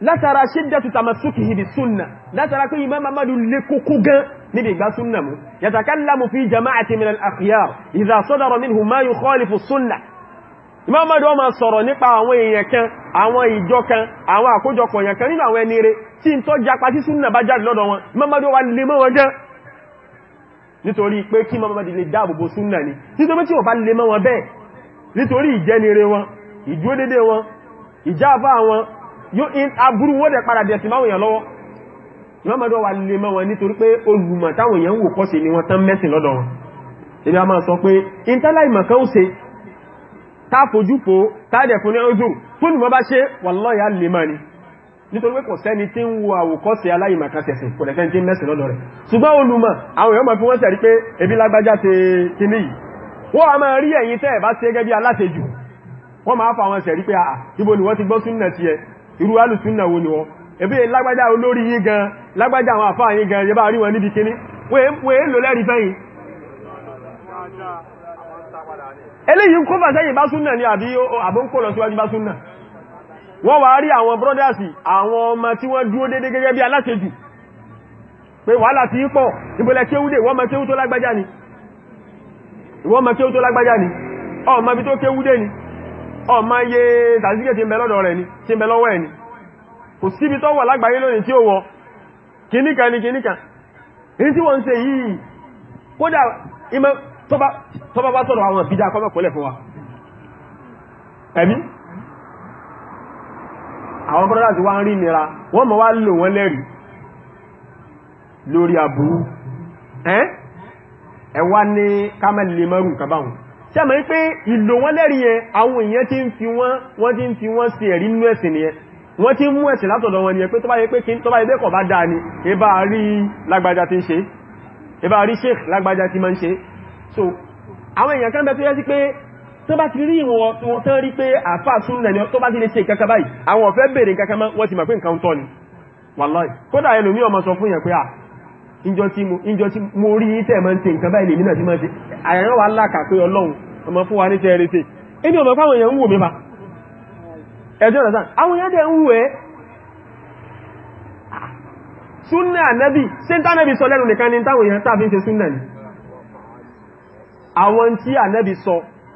látara ṣídẹ̀tù tàmàsùkì hìbì súnnà látara pé Imam Ahmadu lè kókó gan níbi ìgbà súnnà mú yatakallamu fi jama'ati min al-akhyar idha sadara minhu ma yukhalifu súnnà Muhammad ó máa sọ̀rọ̀ nípa àwọn èèyàn kan àwọn ìjọ kan àwọn àkójọpọ̀ èèyàn kan nínú àwọn ẹni rẹ̀ tí n tó japa tí súnnà bá jáde lọ́dọ̀ wọn Muhammad ó lè mọ́ wọn gan nítorí pé kí Muhammad lè dáàbòbò ni nítorí tí wọ́n bá lè mọ́ wọn bẹ́ẹ̀ nítorí ìjẹnire wọn ìdúródédé wọn ìjáfà wọn yóò in aburú wọ́n dẹ̀ padà dẹ̀sìn máwọn èèyàn lọ́wọ́ Muhammad ó wá lè mọ́ wọn nítorí pé olùmọ̀ táwọn èèyàn wò tá fojúfò tàdẹ̀ fún ní ọdún tó ní mọ́ bá ṣe wàlọ́yà lè ni nítorí pé kò sẹ́ni tí ń wo àwòkọ́sẹ̀ aláìmàkàsẹ̀sìn kò lẹ́fẹ́ tí ń mẹ́sìn lọ́dọ̀ ebi lágbájá ṣe kíní yìí wọ́n a máa rí ẹ̀yin tẹ́ bá ṣe gẹ́gẹ́ bí aláṣejù wọ́n máa ni wọ́n ti gbọ́ súnnà tiẹ̀ ebi lágbájá olórí yín gan lágbájá àwọn àfáà yín gan yẹ bá rí wọn níbi kíní eléyìí kó bà sẹ́yìn bá súnnà ni àbí àbó ń kó lọ síwájú bá súnnà wọ́n wá rí àwọn brothers àwọn ọmọ tí wọ́n dúró dédé gẹ́gẹ́ bí aláṣejù pé wàhálà ti pọ̀ ìbọ̀lẹ̀ kéwú wọ́n mọ kéwú tó lágbájá ni wọ́n mọ kéwú tó lágbájá ni ọmọ ni ọmọ iye ni ti ń bẹ lọ́wọ́ ni kò síbi tó wà lágbàáyé lónìí tí ó wọ kìníkan ni tọ́bá bá sọ̀rọ̀ àwọn ìbídá akọ́mọ̀ pẹ̀lẹ̀ fún wa ẹ̀mí àwọn brothers wá ń rí nira wọ́n mọ̀ wá lò wọ́n lẹ́rìí lórí àbúrú ẹ̀wà ní kámẹ́lì mẹ́rù kàbáhùn tí a mọ̀ pé ìlò wọ́n lẹ́rìí yẹn àwọn èèyàn ti ń fi wọ́n wọ́n ti ń fi wọ́n sí ẹ̀rí nínú ẹ̀sìn yẹn wọ́n ti ń mú ẹ̀sìn látọ̀dọ̀ wọn yẹn pé tó bá yẹ pé kí tó bá yẹ pé kọ̀ bá dáa ni ẹbá rí lágbájá ti ń ṣe ẹbá rí sheikh lágbájá ti máa ń ṣe so àwọn èèyàn kan bẹ tó yẹ sí pé tó bá ti rí wọn tán rí pé àfà súnnà ni tó bá ti lè ṣe nǹkan kan báyìí àwọn ọ̀fẹ́ bèèrè nǹkan kan wọ́n ti mọ̀ pé nǹkan tọ́ ni wàláì kódà ẹlòmí ọmọ sọ fún yẹn pé à ìjọ tí mo rí tẹ́ mọ́ ṣe nǹkan báyìí lèmi náà ti mọ́ ṣe àyàrán wa lákà pé ọlọ́run ọmọ fún wa ní tẹ́ rẹ́sẹ̀ ẹni ọmọ fáwọn èèyàn ń wò mẹ́fà ẹjọ́ ọ̀nà sáà àwọn èèyàn tẹ́ ń wò ẹ́ súnnà ànábì ṣe ń tánàbì sọ lẹ́nu nìkan ni táwọn èèyàn àwọn tí ànábì sọ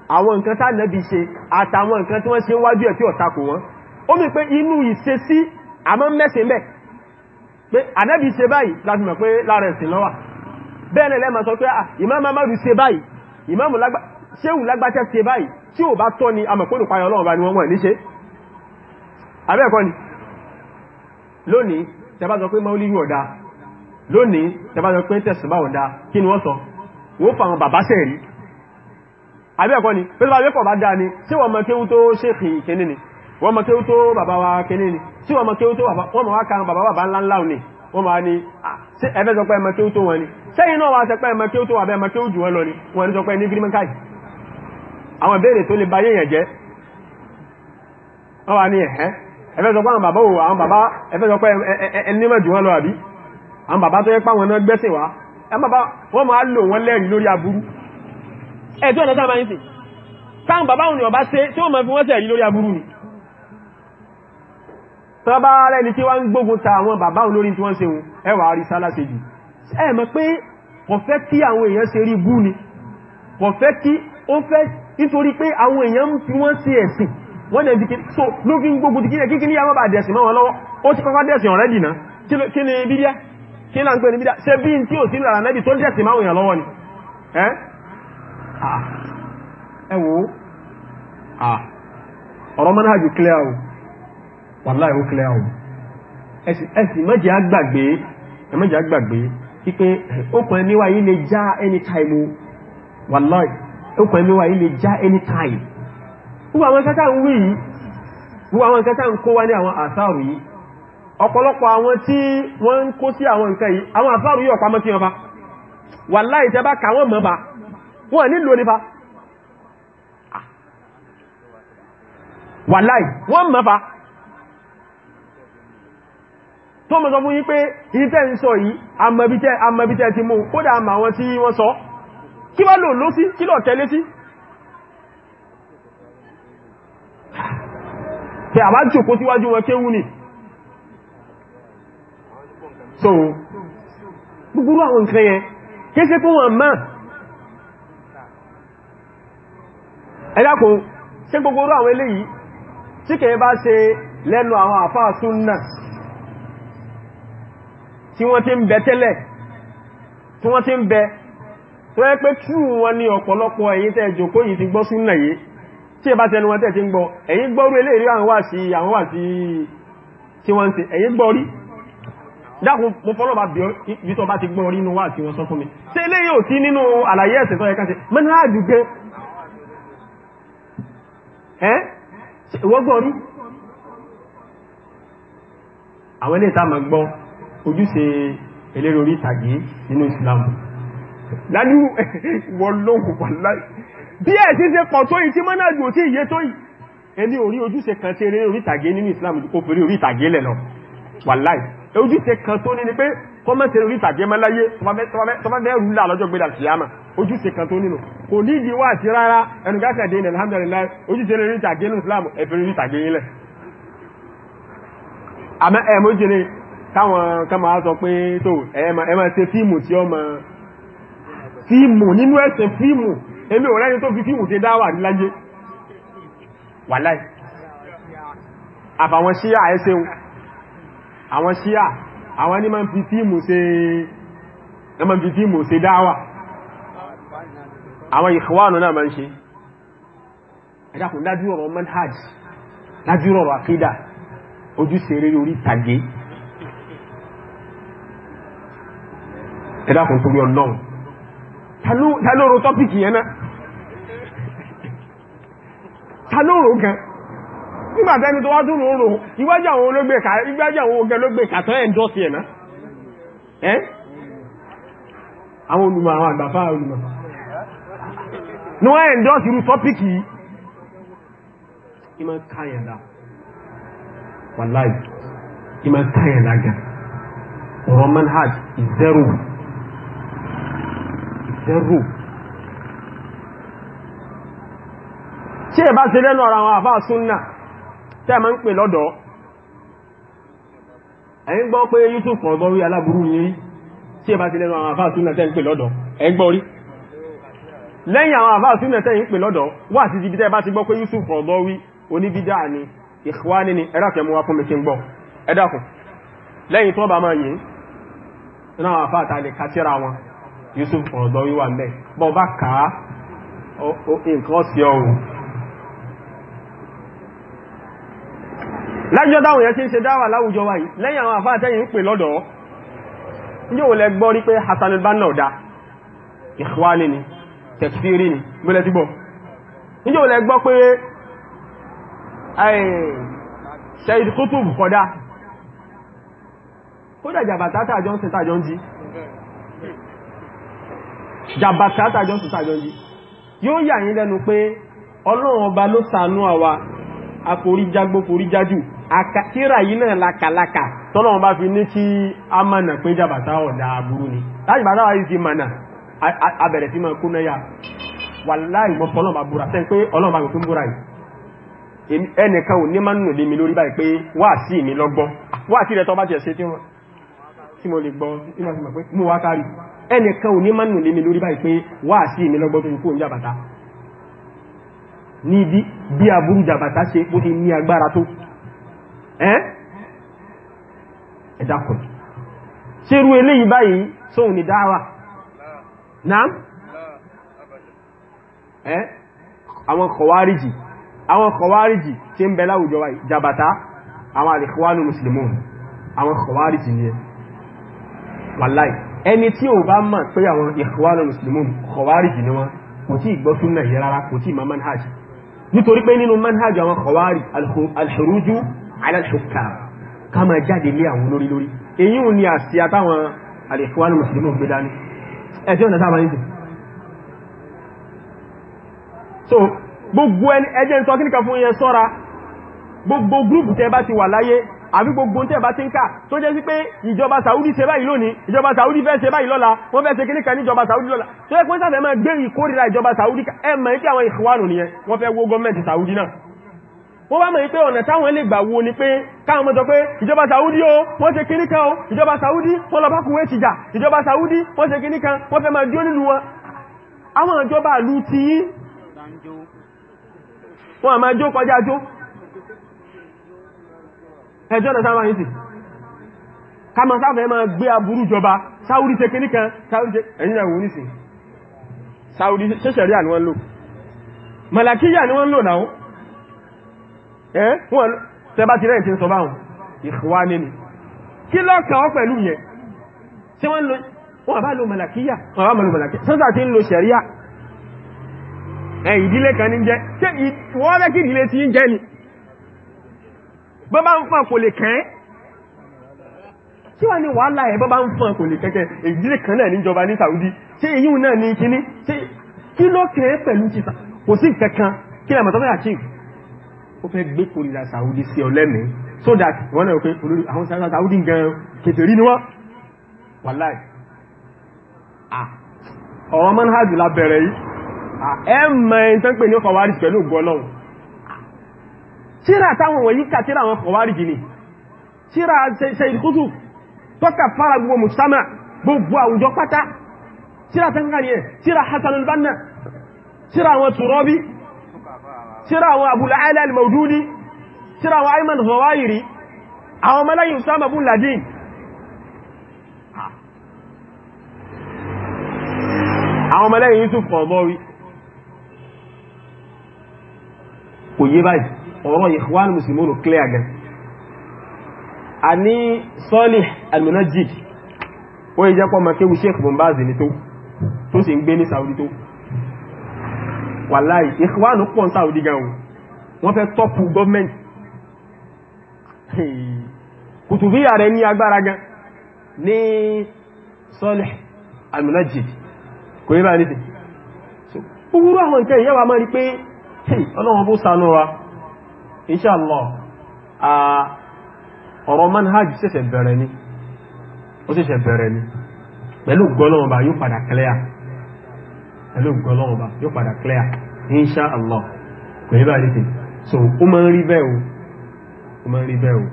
àwọn nǹkan tá ànábì ṣe àtàwọn nǹkan tí wọ́n ṣe wájú ẹ̀ tí ó tako wọn ó mi pé inú ìṣesí àmọ́ mẹ́sẹ̀ mẹ́ pé ànábì ṣe báyìí láti mọ̀ pé lára ẹ̀sìn lọ́wà bẹ́ẹ̀ lẹ́mọ̀ sọ pé ah, ìmáàmù amadu ṣe báyìí ìmáàmù ṣéhù lágbàtẹ́ ṣe báyìí tí ò bá tọ́ ni amọ̀pọ̀lù payọ ọlọ́run bá ní wọ́n wọ́n ní ṣe abẹ́ẹ̀kọ́ ni lónìí tẹbá sọ pé maulidi ọ̀dá lónìí tẹbá pé tẹ̀sùbá ọ̀dá kí ni wọ́n sọ wọ́n fà àwọn bàbá sẹ̀ rí àbí ẹ̀kọ́ ni pẹ́lú àwẹ́kọ̀ bá dáa ni tí wọ́n mọ̀ kéwú tó ṣèkì ìkéní ni wọ́n mọ̀ kéwú tó bàbá wa kéní ni tí wọ́n mọ̀ kéwú tó wọ́n mọ̀ wá kan bàbá bàbá ńlá ńlá ni wọ́n máa ní ẹ̀fẹ́ sọ pé ẹmọ kéwú tó wọn ni sẹ́yìn náà wá sọ pé ẹmọ kéwú tó wà bẹ́ ẹmọ kéwú jù wọn lọ ni wọ́n ní sọ pé ní gírímọ̀ káì àwọn ìbéèrè tó lè ba yéèyàn jẹ́ wọ́n wá ní ẹ̀hẹ́ ẹ̀fẹ́ sọ pé àwọn bàbá òwò àwọn bàbá ẹ̀fẹ́ sọ pé ẹnímọ̀ jù wọn lọ àbí àwọn bàbá tó yẹ pàwọn náà gbẹ́sìn wá wọ́n máa lò wọ́n lẹ́rìn lórí aburú ẹ̀tọ́ ọ̀nà tàbí ṣe táwọn bàbá òun ni ọba ṣe tí ó máa fi wọ́n sẹ̀rí lórí aburú ni tọ́ bá rẹ̀ ní tí wọ́n ń gbógun ta àwọn bàbá òun lórí tí wọ́n ṣe wọn ẹwà rí sálá ṣe jù ẹ mọ̀ pé kò fẹ́ kí àwọn èèyàn ṣe rí bú ni kò fẹ́ kí ó fẹ́ nítorí pé àwọn èèyàn fi wọ́n ṣe ẹ̀sìn wọ́n dẹ̀ dìkì so ló fi ń gbógun dìkì rẹ̀ kíkì ní àwọn bàdẹ̀sìn mọ́ wọn lọ́wọ́ ó ti kọ́kọ́ dẹ̀sìn ọ̀rẹ́dì náà kí ni bídíà kí là ń pè ní bídá ṣe bí tí ò sí lára nẹ́bì tó jẹ́sì máa òyìn lọ́wọ́ ni ẹ wò ó ọ̀rọ̀ manhajù clear o wàláhì ó clear o ẹ̀sì mẹ́jẹ̀ àgbàgbé ẹ̀mẹ́jẹ̀ àgbàgbé wípé ókùn ẹmíwà yìí lè já anytime o wàláhì ókùn ẹmíwà yìí lè já anytime wọ́n àwọn kẹta ń wí yìí wọ́n àwọn kẹta ń kó wá ní àwọn àsáàrù yìí ọ̀pọ̀lọpọ̀ àwọn tí wọ́n ń kó sí àwọn nǹkan yìí àwọn àfáàrù yóò pamọ́ sí wọn bá wà láì tẹ́ bá kàwọn mọ́ bá wọ́n nílò ní bá wà láì wọ́n mọ́ bá tó mọ́ sọ fún yín pé ìtẹ́ ń sọ yìí amọ̀bítẹ́ ti mú kódà àmà tí wọ́n sọ kí wá lò ló sí kí lọ so gbogbo àwọn nǹkan yẹn kéèsé fún wọn máa ẹ̀dàkùn ṣe gbogbo àwọn eléyìí tí kẹ́ bá ṣe lẹ́nu àwọn àfáà súnnà tí wọ́n ti ń bẹ tẹ́lẹ̀ tí wọ́n ti ń bẹ tó yẹ pé tú wọn ní ọ̀pọ̀lọpọ̀ ẹ̀yin tẹ́ jòkó yìí ti gbọ́ súnnà yìí tí ẹ bá tẹnu wọn tẹ́ ti ń gbọ́ ẹ̀yin gbọ́rú eléyìí àwọn wà sí àwọn wà sí tí wọ́n ti ẹ̀yin gbọ́rí dákun mo fọ́lọ́ bá bí tọ́ bá ti gbọ́ orí inú wá àti wọn sọ fún mi ṣe ilé yóò tí nínú àlàyé ẹ̀sẹ̀ tọ́ ẹ̀ká ṣe mẹ́nàájú gẹ́ ẹ́ wọ́gbọ́n rí àwọn ilé ìta màgbọ́ ojúṣe eléré orí ìtàgé nínú ìsìlámù lálú wọlọ́hùn pàlá bí ẹ̀ sí ṣe pọ̀ tó yìí tí mẹ́nàájú ò tí ìyé tó yìí ẹni orí ojúṣe kan tí eléré orí ìtàgé nínú ìsìlámù ó fèrè orí ìtàgé lẹ̀ lọ wàláì ojúṣe kan tó ní ni pé kọ́mọ̀tẹ̀ orí ìtàgé mọ́ láyé tọ́mọ́bẹ́ rú là lọ́jọ́ gbéra kìyàmà ojúṣe kan tó nínú kò ní ìdí wà sí rárá ẹnu gáàsà dé ilẹ̀ alhamdulillah ojúṣe orí ìtàgé ní islam ẹ̀fẹ̀ orí ìtàgé ilẹ̀ àmọ́ ẹ̀ mójú ni táwọn kan máa sọ pé tó ẹ máa ṣe fíìmù tí ọmọ fíìmù nínú ẹ̀sẹ̀ fíìmù èmi ò rẹ́ni tó fi fíìmù ti dáwà ní láyé wàláì àbàwọn ṣíyà ẹ̀ṣẹ̀ àwọn ṣíà àwọn ní máa ń fi fíìmù ṣe ẹ máa ń fi fíìmù ṣe dáwà àwọn ìkọwàánù náà máa ń ṣe ẹ̀dàkùn dájú ọ̀rọ̀ manhaj dájú ọ̀rọ̀ àkídà ojúṣe eré orí tàgé ẹ̀dàkùn torí ọlọ́run ta ló yẹn náà ta gan nígbàtẹ́ni tó wá dúnú oòrò iwájú àwọn olóògbé iwájú àwọn ogẹ olóògbé kàtọ́ ẹ̀ndọ́sì ẹ̀nà ẹ́ àwọn olùmọ̀ àwọn àgbàfà olùmọ̀ ní wọ́n ẹ̀ndọ́sì irú tọ́pìkì ìmọ̀ káyẹ̀lá wàláì ìmọ̀ káyẹ̀lá gan ọ̀rọ̀ manhaj ìzẹ́rù ìzẹ́rù tí ẹ bá ṣe lẹ́nu ọ̀rọ̀ àwọn àfáà súnnà tẹ́ ma ń pè lọ́dọ̀ ẹ̀yìn gbọ́ pé Yusuf ọ̀dọ́ rí aláburú yìí tí ẹ bá ti lẹ́nu àwọn àfáà súnà tẹ́ ń pè lọ́dọ̀ ẹ̀yìn gbọ́ rí lẹ́yìn àwọn àfáà súnà tẹ́ ń pè lọ́dọ̀ wà sí ibi tẹ́ bá ti gbọ́ pé Yusuf ọ̀dọ́ rí oníbídà ni ìkwáni ni ẹ̀dàkẹ́ mú wá fún mi kí n gbọ́ ẹ̀dàkùn lẹ́yìn tó bá máa yìí iná àwọn àfáà ta lè kàtíra Yusuf ọ̀dọ́ rí wà ń bẹ́ bọ́ bá kàá nǹkan lájọ́ táwọn èèyàn ti ń ṣe dáwà láwùjọ wa yìí lẹ́yìn àwọn àfáà tẹ́yìn ń pè lọ́dọ̀ yóò lẹ gbọ́ rí pé Hassan al-Banna ọ̀dá ìkwáni ni tẹ̀kfírí ni gbọ́lẹ̀ tí gbọ́ yóò lẹ gbọ́ pé eh, Said Qutb kọ̀dá kódà jàbàtà tàjọ ń tàjọ ń jí jàbàtà tàjọ ń tàjọ ń tíra yìí náà lakalaka tọ́lọ́wọ́n bá fi ní kí a mọ̀nà pé jàbàtà ọ̀dà àbúrú ni láti bàtà wáyé ti mọ̀nà abẹ̀rẹ̀ sí máa kúnná yá wàláì mọ́ fọlọ́n bá búra sẹ́ni pé ọlọ́run bá gbé fún búra yìí ẹnìkan ò ní máa nù lé mi lórí báyìí pé wá sí mi lọ́gbọ́n wá sí rẹ̀ tó bá tiẹ̀ ṣe tí mo lè gbọ́ tí mo pé mú wá kárì ẹnìkan ò ní máa nù lé mi lórí báyìí pé wá sí mi lọ́gbọ́n tó fi kúrò ní jàbàtà níbi bí aburú jàbàtà ṣe bó ti ní agbára tó ẹ dákun ṣe irú eléyìí báyìí sóhun ni dáwà náà ẹ́ àwọn kọwárìjì àwọn kọwárìjì tí ń bẹ láwùjọ wa jàbàtá àwọn àdìkọwàlù mùsùlùmí àwọn kọwárìjì ní ẹ wàláì ẹni tí ò bá mọ̀ pé àwọn ìkọwàlù mùsùlùmí kọwárìjì ní wọn kò tí ìgbọ́ súnnà yẹ rárá kò tí ìmọ̀ manhaj nítorí pé nínú manhaj àwọn kọwárì alhuruju aláṣọkà ká máa jáde lé àwọn lórí lórí èyí ò ní àṣìá táwọn àlèkùwánù mùsùlùmí gbé dání ẹ̀tí ọ̀nà táwọn ìsìn so gbogbo ẹni ẹjẹ́ ń sọ kí nìkan fún yẹn sọ́ra gbogbo gúrùpù tẹ́ bá ti wà láyé àbí gbogbo tẹ́ bá ti ń kà tó jẹ́ sí pé ìjọba Saudi ṣe báyìí lónìí ìjọba Saudi fẹ́ ṣe báyìí lọ́la wọ́n fẹ́ ṣe kíníkà ní ìjọba Saudi lọ́la tó yẹ pé sáfẹ́ máa gbé ìkórìíra ìjọba Saudi ẹ mọ̀ ní kí àwọn ìhwánù nìyẹn wọ́n fẹ́ wó gọ́ọ̀mẹ́ntì Saudi náà wọ́n wá mọ̀ ní pé ọ̀nà táwọn lè gbà wo ni pé káwọn mọ́jọ pé ìjọba Saudi o wọ́n ṣe kíní kan o ìjọba Saudi wọ́n lọ bá Kuwait jà ìjọba Saudi wọ́n ṣe kíní kan wọ́n fẹ́ máa dúró nínú wọn àwọn ìjọba àlú ti yí Saudi ṣe kíní kan ẹ̀yìn Saudi ṣẹ́ṣẹ̀rí à ni wọ́n lò ẹ́ wọ́n tẹbá ti rẹ̀ ti ń sọ báhùn ìfúwá nínú kí lọ́kàn ọ pẹ̀lú yẹn tí wọ́n bá lo màlàkíyà wọ́n bá lo màlàkíyà sọ́sà ti ń lo ṣẹ̀ríà ẹ̀ ìdílé kan ní jẹ́ tí wọ́n rẹ́ kí ìdílé ti ń jẹ́ ni bọ́ bá ń fún kò lè kẹ́ tí wà ní wàhálà ẹ̀ bọ́ bá ń fún kò lè kẹ́kẹ́ ìdílé kan náà níjọba ní Saudi tí èyí náà ní kíní kí lọ́kàn pẹ̀lú títà kò sí kẹ́kan kí lẹ́mọ̀ tó fẹ́ ó fẹ́ gbé kòrìlà sàúdí sí ọlẹ́mí so that wọ́n náà pé olórí àwọn sàúdí gan kèfèrí ni wọ́n wàláì ọ̀rọ̀ manhajù lábẹ̀rẹ̀ yìí ẹ mọ̀ ẹni tán pè ní kọwàrí pẹ̀lú gọ́lọ́hùn tíra táwọn wọ̀nyí kà tíra àwọn kọwàrí jì ní tíra ṣe ìkútù tọ́ka fara gbogbo mùsàmà gbogbo àwùjọ pátá tíra tán kà ní ẹ̀ tíra Hasan al-Banna tíra àwọn tùrọ́bí tíra àwọn Abul A'la al-Mawdudi tíra àwọn Ayman Zawahiri àwọn mẹ́lẹ́yìn Usama bin Ladin àwọn mẹ́lẹ́yìn Yusuf Qaradawi kò yé báyìí ọ̀rọ̀ Ikhwan Muslimun clear gan a ní Salih al-Munajjid ó jẹ́ pọ́ mọ̀ kéwù Sheikh Bin ní tó tó sì ń gbé ní Saudi tó wàláì ìkwánù pọ̀ ń sáwọ́dí gan o wọ́n fẹ́ tọ́pù gọ́ọ̀mẹ́ntì kùtùbíyà rẹ̀ ní agbára gan ní sọ́lẹ̀ almunajid kò yí bá ní sí gbogbo àwọn nǹkan ìyẹ́wà mọ́ rí pé ọlọ́wọ́n bó sánú inshallah ọ̀rọ̀ manhaj ṣẹ̀ṣẹ̀ bẹ̀rẹ̀ ni ó ṣẹ̀ṣẹ̀ bẹ̀rẹ̀ ni pẹ̀lú gọ́lọ́wọ́n bá yóò padà pẹ̀lú nǹkan ọlọ́run bá yóò padà clear insha allah kò ní báyìí tì so ó máa ń rí bẹ́ẹ̀ o ó máa ń rí bẹ́ẹ̀ o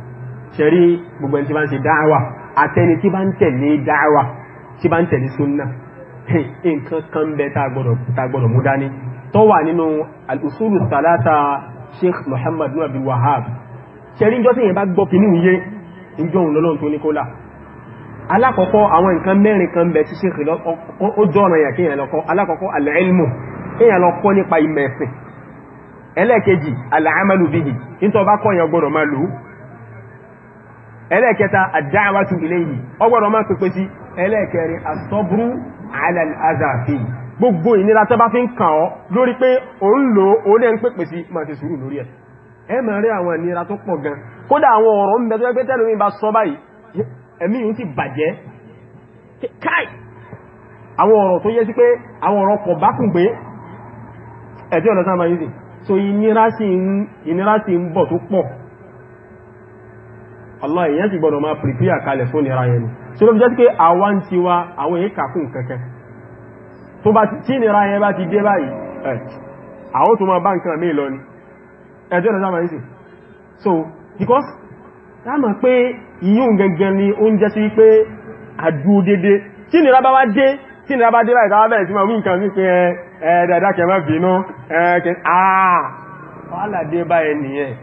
ṣẹ̀rí gbogbo ẹni tí bá ń ṣe dáhàwà àtẹni tí bá ń tẹ̀lé dáhàwà tí bá ń tẹ̀lé sunna nǹkan kan bẹ tá a gbọ́dọ̀ tá a gbọ́dọ̀ mú dání tó wà nínú al-usulu salata sheikh Muhammadu bin abdul wahab ṣẹ̀rí ìjọ tí yẹn bá gbọ́ kínní yé ìjọ òun lọ́lọ́run tó ní kó là alákọ̀ọ́kọ́ àwọn nǹkan mẹ́rin kan bẹ̀ lo ṣe ó jọ́nà yà kí èèyàn lọ kọ́ alákọ̀ọ́kọ́ al-ilmu kí èèyàn lọ kọ́ nípa ìmọ̀ ẹ̀sìn ẹlẹ́ẹ̀kejì al-amalu bihi nítọ́ bá kọ́ yẹn gbọ́dọ̀ máa lò ẹlẹ́ẹ̀kẹta ad-da'watu ilayhi ọgbọ́dọ̀ máa pèpè sí ẹlẹ́ẹ̀kẹrin as-sabru ala al-adha fihi gbogbo ìnira tó bá fi ń kàn ọ́ lórí pé ò ń lò ó lẹ́ ń pèpè sí máa ṣe sùúrù lórí ẹ̀ ẹ máa rí àwọn ìnira tó pọ̀ gan kódà àwọn ọ̀rọ̀ ń bẹ tó ẹgbẹ́ tẹ́lómi bá sọ báyìí ẹ̀mí yìí sì bàjẹ́ káì àwọn ọ̀rọ̀ tó yẹ sí pé àwọn ọ̀rọ̀ pọ̀ bá kùn pé ẹ̀tí ọ̀nà sáàmà yìí so ìnira sì ń bọ̀ tó pọ̀ Allah èyàn sì gbọ́dọ̀ máa prepare kalẹ̀ fún ìnira yẹn so ló fi jẹ́ sí pé àwa ń ti wa àwọn èyí kàkùn kẹ̀kẹ́ tó bá tí ìnira yẹn bá ti dé báyìí àwọn tó máa bá nǹkan mí lọ so because láàmà pé ìyún gẹngẹn ni ó ń jẹ́ sí wípé àdúó dédé tí nìra bá wá dé tí nìra bá dé láì tàbá bẹ̀rẹ̀ sí ma wí nǹkan sí pé ẹ̀ẹ́dàdà kẹmà bínú ẹ̀ẹ́kẹ́ àà wàhálà dé bá ẹnìyẹn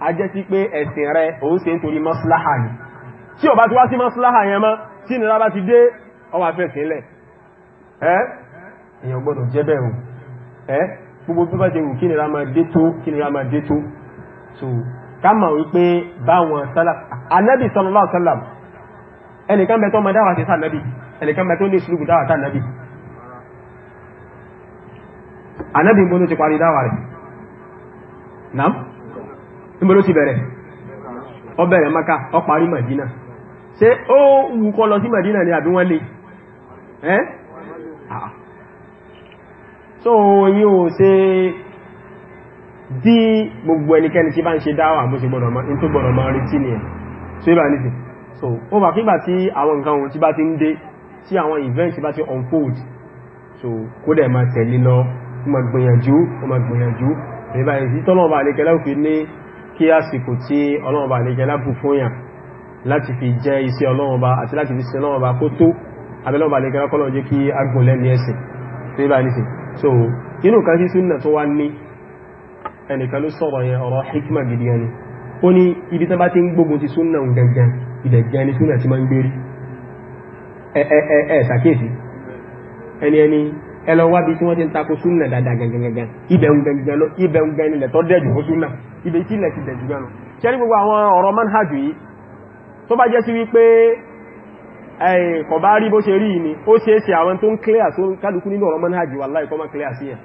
a jẹ́ sí pé ẹ̀sìn rẹ òun ṣe ń torí mọ́síláhà ni gbogbo bí bá jẹ́ wù kí nìra máa dé tó kí nìra máa dé tó so kámọ̀ wípé báwọn sálà Anabi sallallahu alaihi wasallam ẹnìkan bẹ tó mọ dáwà sí sànábì ẹnìkan bẹ tó ní ṣùlùkù dáwà sànábì anábì mbolo ti parí dáwà rẹ̀ nam mbolo ti bẹ̀rẹ̀ ó bẹ̀rẹ̀ maka ó parí madina ṣé ó wù kó lọ sí madina ni àbí wọ́n lè ẹ́ so yíò ṣe bí gbogbo ẹnikẹ́ni tí bá ń ṣe dáwà bó ṣe gbọ́dọ̀ ní tó gbọ́dọ̀ máa rí tí ni ẹ̀ so ibà nìsìn so ó bà kígbà tí àwọn nǹkan ohun tí bá ti ń dé tí àwọn event bá ti unfold so kó dẹ̀ máa tẹ̀lé lọ ó máa gbìyànjú ó máa gbìyànjú ìbá ìsí tọ́lọ́ọ̀bà àlekẹ́lá òfin ní kí àsìkò tí ọlọ́ọ̀bà àlekẹ́lá bù fún yàn láti fi jẹ́ iṣẹ́ ọlọ́ọ̀bà àti láti fi sin ọlọ́ọ̀bà kó tó abẹ́lọ́ọ̀bà àlekẹ́lá kọ́lọ̀ jẹ́ kí agbọ̀n lẹ́ni ẹ̀sìn so inú kan sí súnà tó wá ní ẹnìkan ló sọ̀rọ̀ yẹn ọ̀rọ̀ hikma gidi ẹni ó ní ibi tán bá ti ń gbógun ti súnà gangan ìdẹ̀gẹ́ ni súnà ti máa ń gbérí ẹ ṣàkíyèsí ẹni ẹni ẹ lọ wá bí tí wọ́n ti ń tako súnà dáadáa gangan ibẹ̀ ń gangan ibẹ̀ ń gangan ilẹ̀ tó dẹ̀jù ó súnà ibẹ̀ tí ilẹ̀ ti dẹ̀jù gan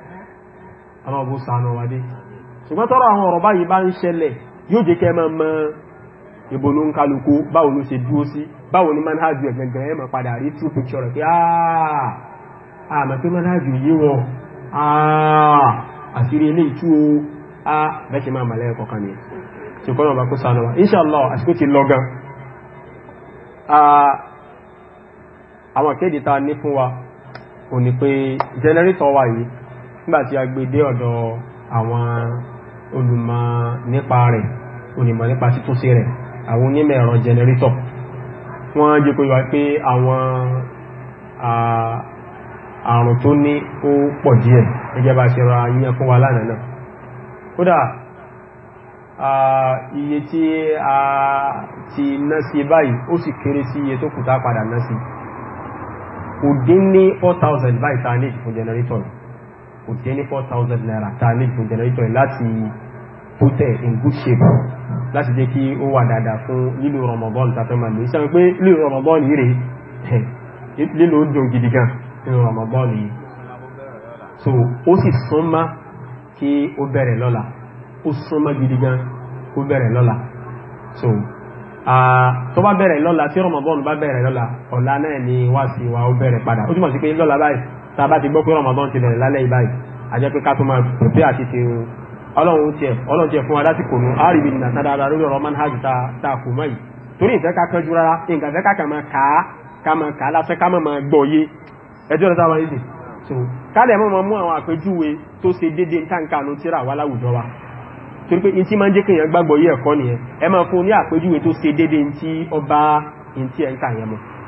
ọlọ́ọ̀bù sànù wa dé ṣùgbọ́n tọ́rọ àwọn ọ̀rọ̀ báyìí bá ń ṣẹlẹ̀ yóò jẹ́ kẹ́ mọ́ mọ́ ibo ló ń kálukú báwo ló ṣe dúró sí báwo ni manhajù ẹ̀ gẹ̀gẹ̀ ẹ̀ mọ̀ padà rí true picture rẹ̀ pé àmọ́ pé manhajù yé wọn àṣírí ilé ìtú o a bẹ́ṣe máa màlẹ́ ẹ̀kọ́ kan ní tí kọ́nà ọba kó sànù inshallah àsìkò ti lọ gan àwọn kéde ta ní fún wa ò ní pé jẹnẹrétọ̀ nígbàtí a gbé dé ọ̀dọ̀ àwọn olùmọ̀ nípa rẹ̀ onímọ̀ nípa títúnṣe rẹ̀ àwọn onímọ̀ ẹ̀rọ jẹnẹrétọ̀ wọ́n jẹ́ kó yíwa pé àwọn àrùn tó ní ó pọ̀ díẹ̀ gẹ́gẹ́ ṣe ra yíyan fún wa lánàá náà kódà iye tí a ti ná sí báyìí ó sì kéré sí iye tó kù tá padà ná sí kò dín ní 4,000 báyìí ta ní ìfún jẹnẹrétọ̀ yìí kò dé ní four thousand naira tá a ní fún jẹnẹrétọ̀ yìí láti put it in good shape láti jẹ́ kí ó wà dáadáa fún lílo rọmọbọ́ọ̀lù tá a fẹ́ máa lò ìṣàmì pé lílo rọmọbọ́ọ̀lù yìí rèé lílo ó gidi gan nínú rọmọbọ́ọ̀lù yìí so ó sì súnmọ́ kí ó bẹ̀rẹ̀ lọ́la ó súnmọ́ gidi gan kó bẹ̀rẹ̀ lọ́la so tó bá bẹ̀rẹ̀ lọ́la tí rọmọbọ́ọ̀lù bá bẹ̀rẹ̀ lọ́la ọ̀la náà ni wá sí wa ó bẹ̀rẹ̀ padà ó túmọ̀ sí pé lọ́la báyìí tá a bá ti gbọ́ pé Ramadan ti bẹ̀rẹ̀ lálẹ́ a jẹ́ pé ká tó máa pèpè àti ti rún ọlọ́run tiẹ̀ fún wa láti kò nù lórí ọ̀rọ̀ a kò mọ́ yìí torí ìfẹ́ ká kánjú rárá nǹkan fẹ́ ká kà máa kà á ká máa kà á lásán ká máa gbọ́ yé ẹjọ́ rẹ̀ táwọn ìdè so kálẹ̀ mọ́ àwọn tó ṣe dédé wa torí pé tí máa ń jẹ́ kéèyàn gbàgbọ́ yé ẹ̀kọ́ nìyẹn ẹ máa fún ní tó ṣe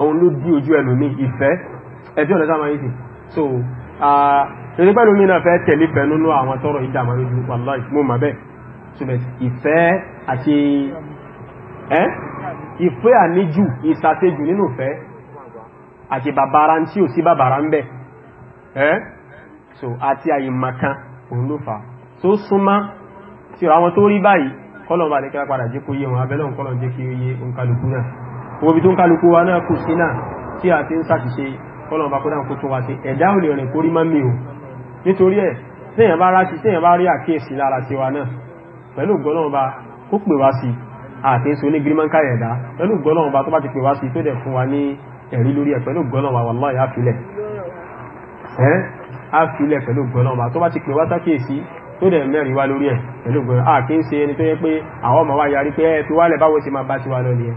òun ló dí ojú ẹlòmí ìfẹ́ ẹbí ọ̀nà sáwọn ìsìn so torí pẹ́lú mi náà fẹ́ tẹ̀lé fẹ́ nínú àwọn tọrọ ìdàmà lójú wàláì mú mà bẹ́ẹ̀ ṣùgbẹ́ ìfẹ́ àti ẹ́ ìfẹ́ àníjù ìsàtẹ́jù nínú ìfẹ́ àti bàbára tí ò sí bàbára ń bẹ̀ ẹ́ so àti àyèmàkan òun ló fà tó súnmá tí àwọn tó rí báyìí kọ́lọ̀ bá lè kẹ́lá padà jẹ́ kó yé wọn abẹ́lọ́ owó bí tó ń kálukú wa náà kù sí náà tí a ti ń sàṣìṣe kọ́lọ̀mù bá kó dáhùn kó tó wa sí ẹ̀dá ò lè rìn kórí mọ́ mi o nítorí ẹ̀ téèyàn bá ráṣí téèyàn bá rí àkíyèsí lára tiwa náà pẹ̀lú gbọ́lọ́mọba kó pè wá sí àti ń so ní gírímọ́ńkà ẹ̀dá pẹ̀lú gbọ́lọ́mọba tó bá ti pè wá sí tó dẹ̀ fún wa ní ẹ̀rí lórí mẹ́rin wá lórí ẹ̀ pẹ̀lú gbọ́lọ́mọba àkíyèsí ẹni tó yẹ pé àwọn ọmọ wa yarí pé ẹ fi wálẹ̀ báwo ṣe máa bá ti wá lọ nìyẹn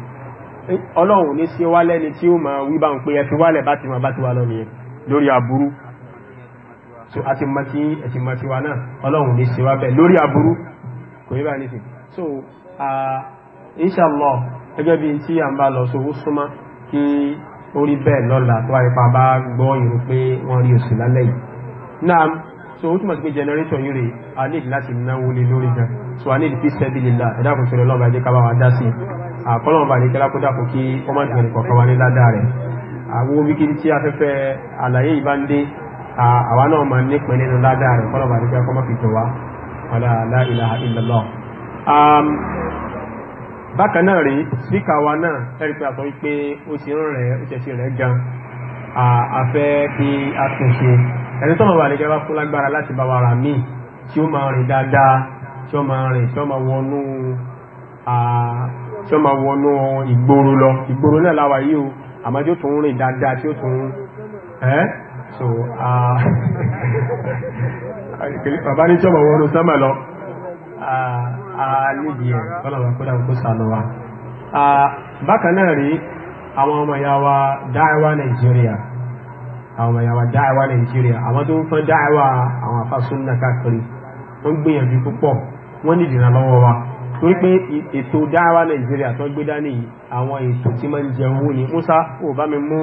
ọlọ́run ní sí wá lẹ́ni tí ó máa wí bá ń pé ẹfi wálẹ̀ bá ti máa bá ti wá lọ nìyẹn lórí aburú so a ti mọ́tí ẹ̀tì mọ́tí wa náà ọlọ́run ní sí wá bẹ̀ lórí aburú kò yí ní sí so inshallah gẹ́gẹ́ bí tí a ń bá lọ so ó súnmọ́ kí ó rí bẹ́ẹ̀ lọ́la tó wáyé pa bá gbọ́ ìrò pé wọ́n rí oṣù lálẹ́ yìí náà so ó túnmọ̀ sí pé generation yìí rèé a need láti náwó lé lórí gan so a need peace sẹ́bìlì là ẹ̀dá kò sọ̀rọ̀ lọ́ba ẹ̀jẹ̀ ká bá wa dá sí i àkọ́lọ́wọ́n bá nìkẹ́lá kó dàpọ̀ kí wọ́n má dìgbẹ̀rẹ̀ kọ̀ọ̀kan wá ní ládàá rẹ̀ àwọn omikiri tí afẹ́fẹ́ àlàyé ìbándé àwa náà ma ní pẹ̀lú nínú ládàá rẹ̀ kọ́lọ́wọ́n bá nìkẹ́lá kọ́ má la ilaha illallah. bákan náà rí síkà wa náà ẹ̀rí pé àtọ́ wípé a tún ṣe ẹni tọ́mọ̀ bá nìkẹ́lá fún lágbára láti bá wa rà míì tí tí ó máa wọnú ìgboro lọ ìgboro náà láwà yìí o àmájó tó ń rìn dáadáa tí ó tún ẹ́ so bàbá ní tí ó máa wọnú sẹ́mẹ̀ lọ níbi ẹ̀ tọ́lọ̀wọ̀ kódà kó sànú wa bákan náà rí àwọn ọmọ ìyá wa dáẹwà Nàìjíríà àwọn ọmọ ìyá wa dáẹwà Nàìjíríà àwọn tó ń fẹ́ dáẹwà àwọn afásúnnà káàkiri wọ́n gbìyànjú púpọ̀ wọ́n nídìí lọ́wọ́ wa torí pé ètò dáwà nàìjíríà tó gbé dání àwọn ètò tí máa ń jẹ owó ni Musa ò bá mi mú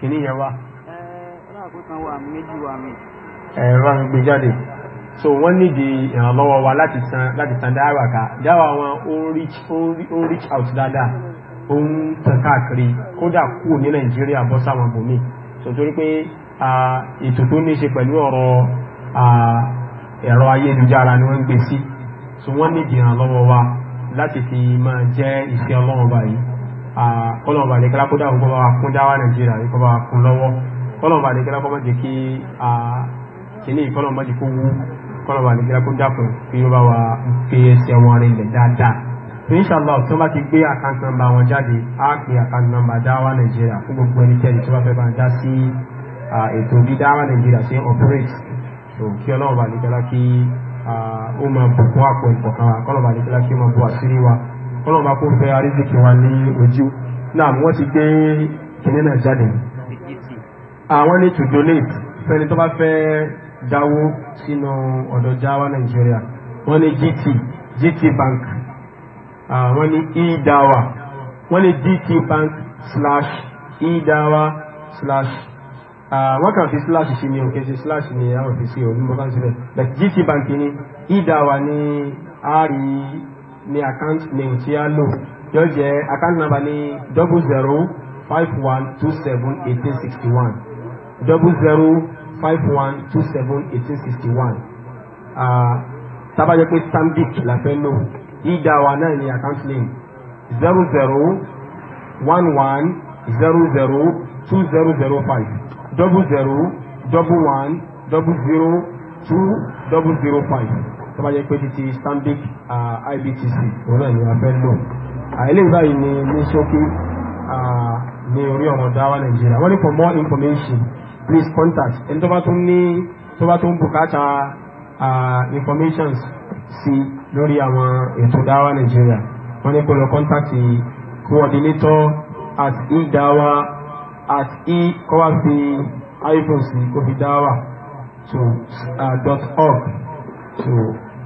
kìíní yẹn wá ẹ̀rọ ń jáde so wọ́n nídi ìrànlọ́wọ́ wa láti san láti san dáwà ká dáwà wọn ó reach out dáadáa ó ń tàn káàkiri kódà kú ní Nàìjíríà bọ́ sáwọn bòmí so torí pé ètò tó ní ṣe pẹ̀lú ọ̀rọ̀ ẹ̀rọ ayélujára ni wọ́n ń gbé sí tí wọ́n ní ìdìràn lọ́wọ́ wa láti fi máa jẹ́ ìfẹ́ ọlọ́run báyìí kọ́lọ́run bá dékẹ́lá kó dáhùn kọ́bá kún dáwà nàìjíríà yìí kọ́bá kún lọ́wọ́ kọ́lọ́run bá dékẹ́lá kọ́ mọ́jẹ́ kí kìíní kọ́lọ́run mọ́jẹ́ kó wú kọ́lọ́run bá dékẹ́lá kó dákun fi ó bá wa fi ẹsẹ̀ wọn rin lẹ̀ dáadáa inshallah tó bá ti gbé account number wọn jáde á pè account number dáwà nàìjíríà fún gbogbo ẹnikẹ́ni tó bá fẹ́ bá ń dá sí ètò bí dáwà nàìjíríà ṣe operate so kí ọlọ́run bá dékẹ́lá kí Ah, ó máa bù fún àpò ìkọ̀kan wa kọ́lọ̀ bàdé kíláṣí máa bù àṣírí wa kọ́lọ̀ bá kó fẹ́ àrídìkì wa ní ojú náà wọ́n ti gbé kìnní náà jáde àwọn ní to donate fẹ́ni tó bá fẹ́ dáwó sínú ọ̀dọ̀ jáwá nàìjíríà wọ́n ní gt gt bank ah, wọ́n ní edawa wọ́n ní gt bank slash edawa slash Ah, wọ́n kàn fi slash sí ni òkè sí slash ni àwọn fi sí òun mọ́ bá síbẹ̀ but GT Bank ni ìdá wa ni a rí ní account name tí a lò yóò jẹ́ account number ni double zero five one two seven eighteen sixty one double zero five one two seven eighteen sixty one ah, tábàjẹ́ pé Stanbic la fẹ́ lò ìdá wa náà ni account name zero zero one one zero zero two zero zero five double zero double one double zero two double zero five tó bá jẹ́ pé stanbic ibtc òun náà ni a fẹ́ lò eléyìí báyìí ni ní ṣókí ní orí ọmọ dáwà nàìjíríà wọ́n ní for more information please contact ẹni tó bá tún ní tó bá tún bùkátà informations sí lórí àwọn ètò dáwà nàìjíríà wọ́n ní kó lọ contact coordinator at idawa at e kọ́wá fi iphone sí kó to uh, dot org to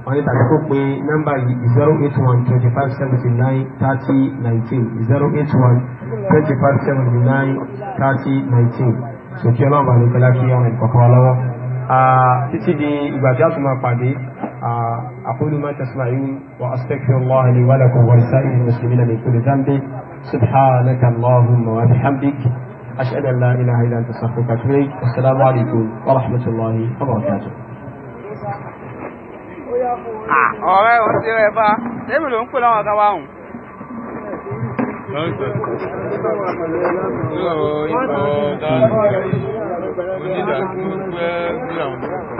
wọ́n ní tàbí kó pe nọ́mbà yìí zero eight one twenty five seventy nine thirty nineteen zero eight one twenty five seventy nine thirty nineteen so kí ọlọ́run àlejò láti ọ̀rìn kọ̀ọ̀kan lọ́wọ́. Uh, títí di ìgbà tí a tún máa pàdé أقول ما تسمعون وأستغفر الله لي ولكم ولسائر المسلمين من كل ذنب سبحانك wa Ta'ala. أشهد أن لا إله إلا أنت أستغفرك وأتوب إليك والسلام عليكم ورحمة الله وبركاته ọ̀rẹ́ ò sí rẹ̀ bá tẹ́mi ló ń pè láwọn ọ̀gá wa hùn. yóò ikọ̀ dáadáa onídàájú pé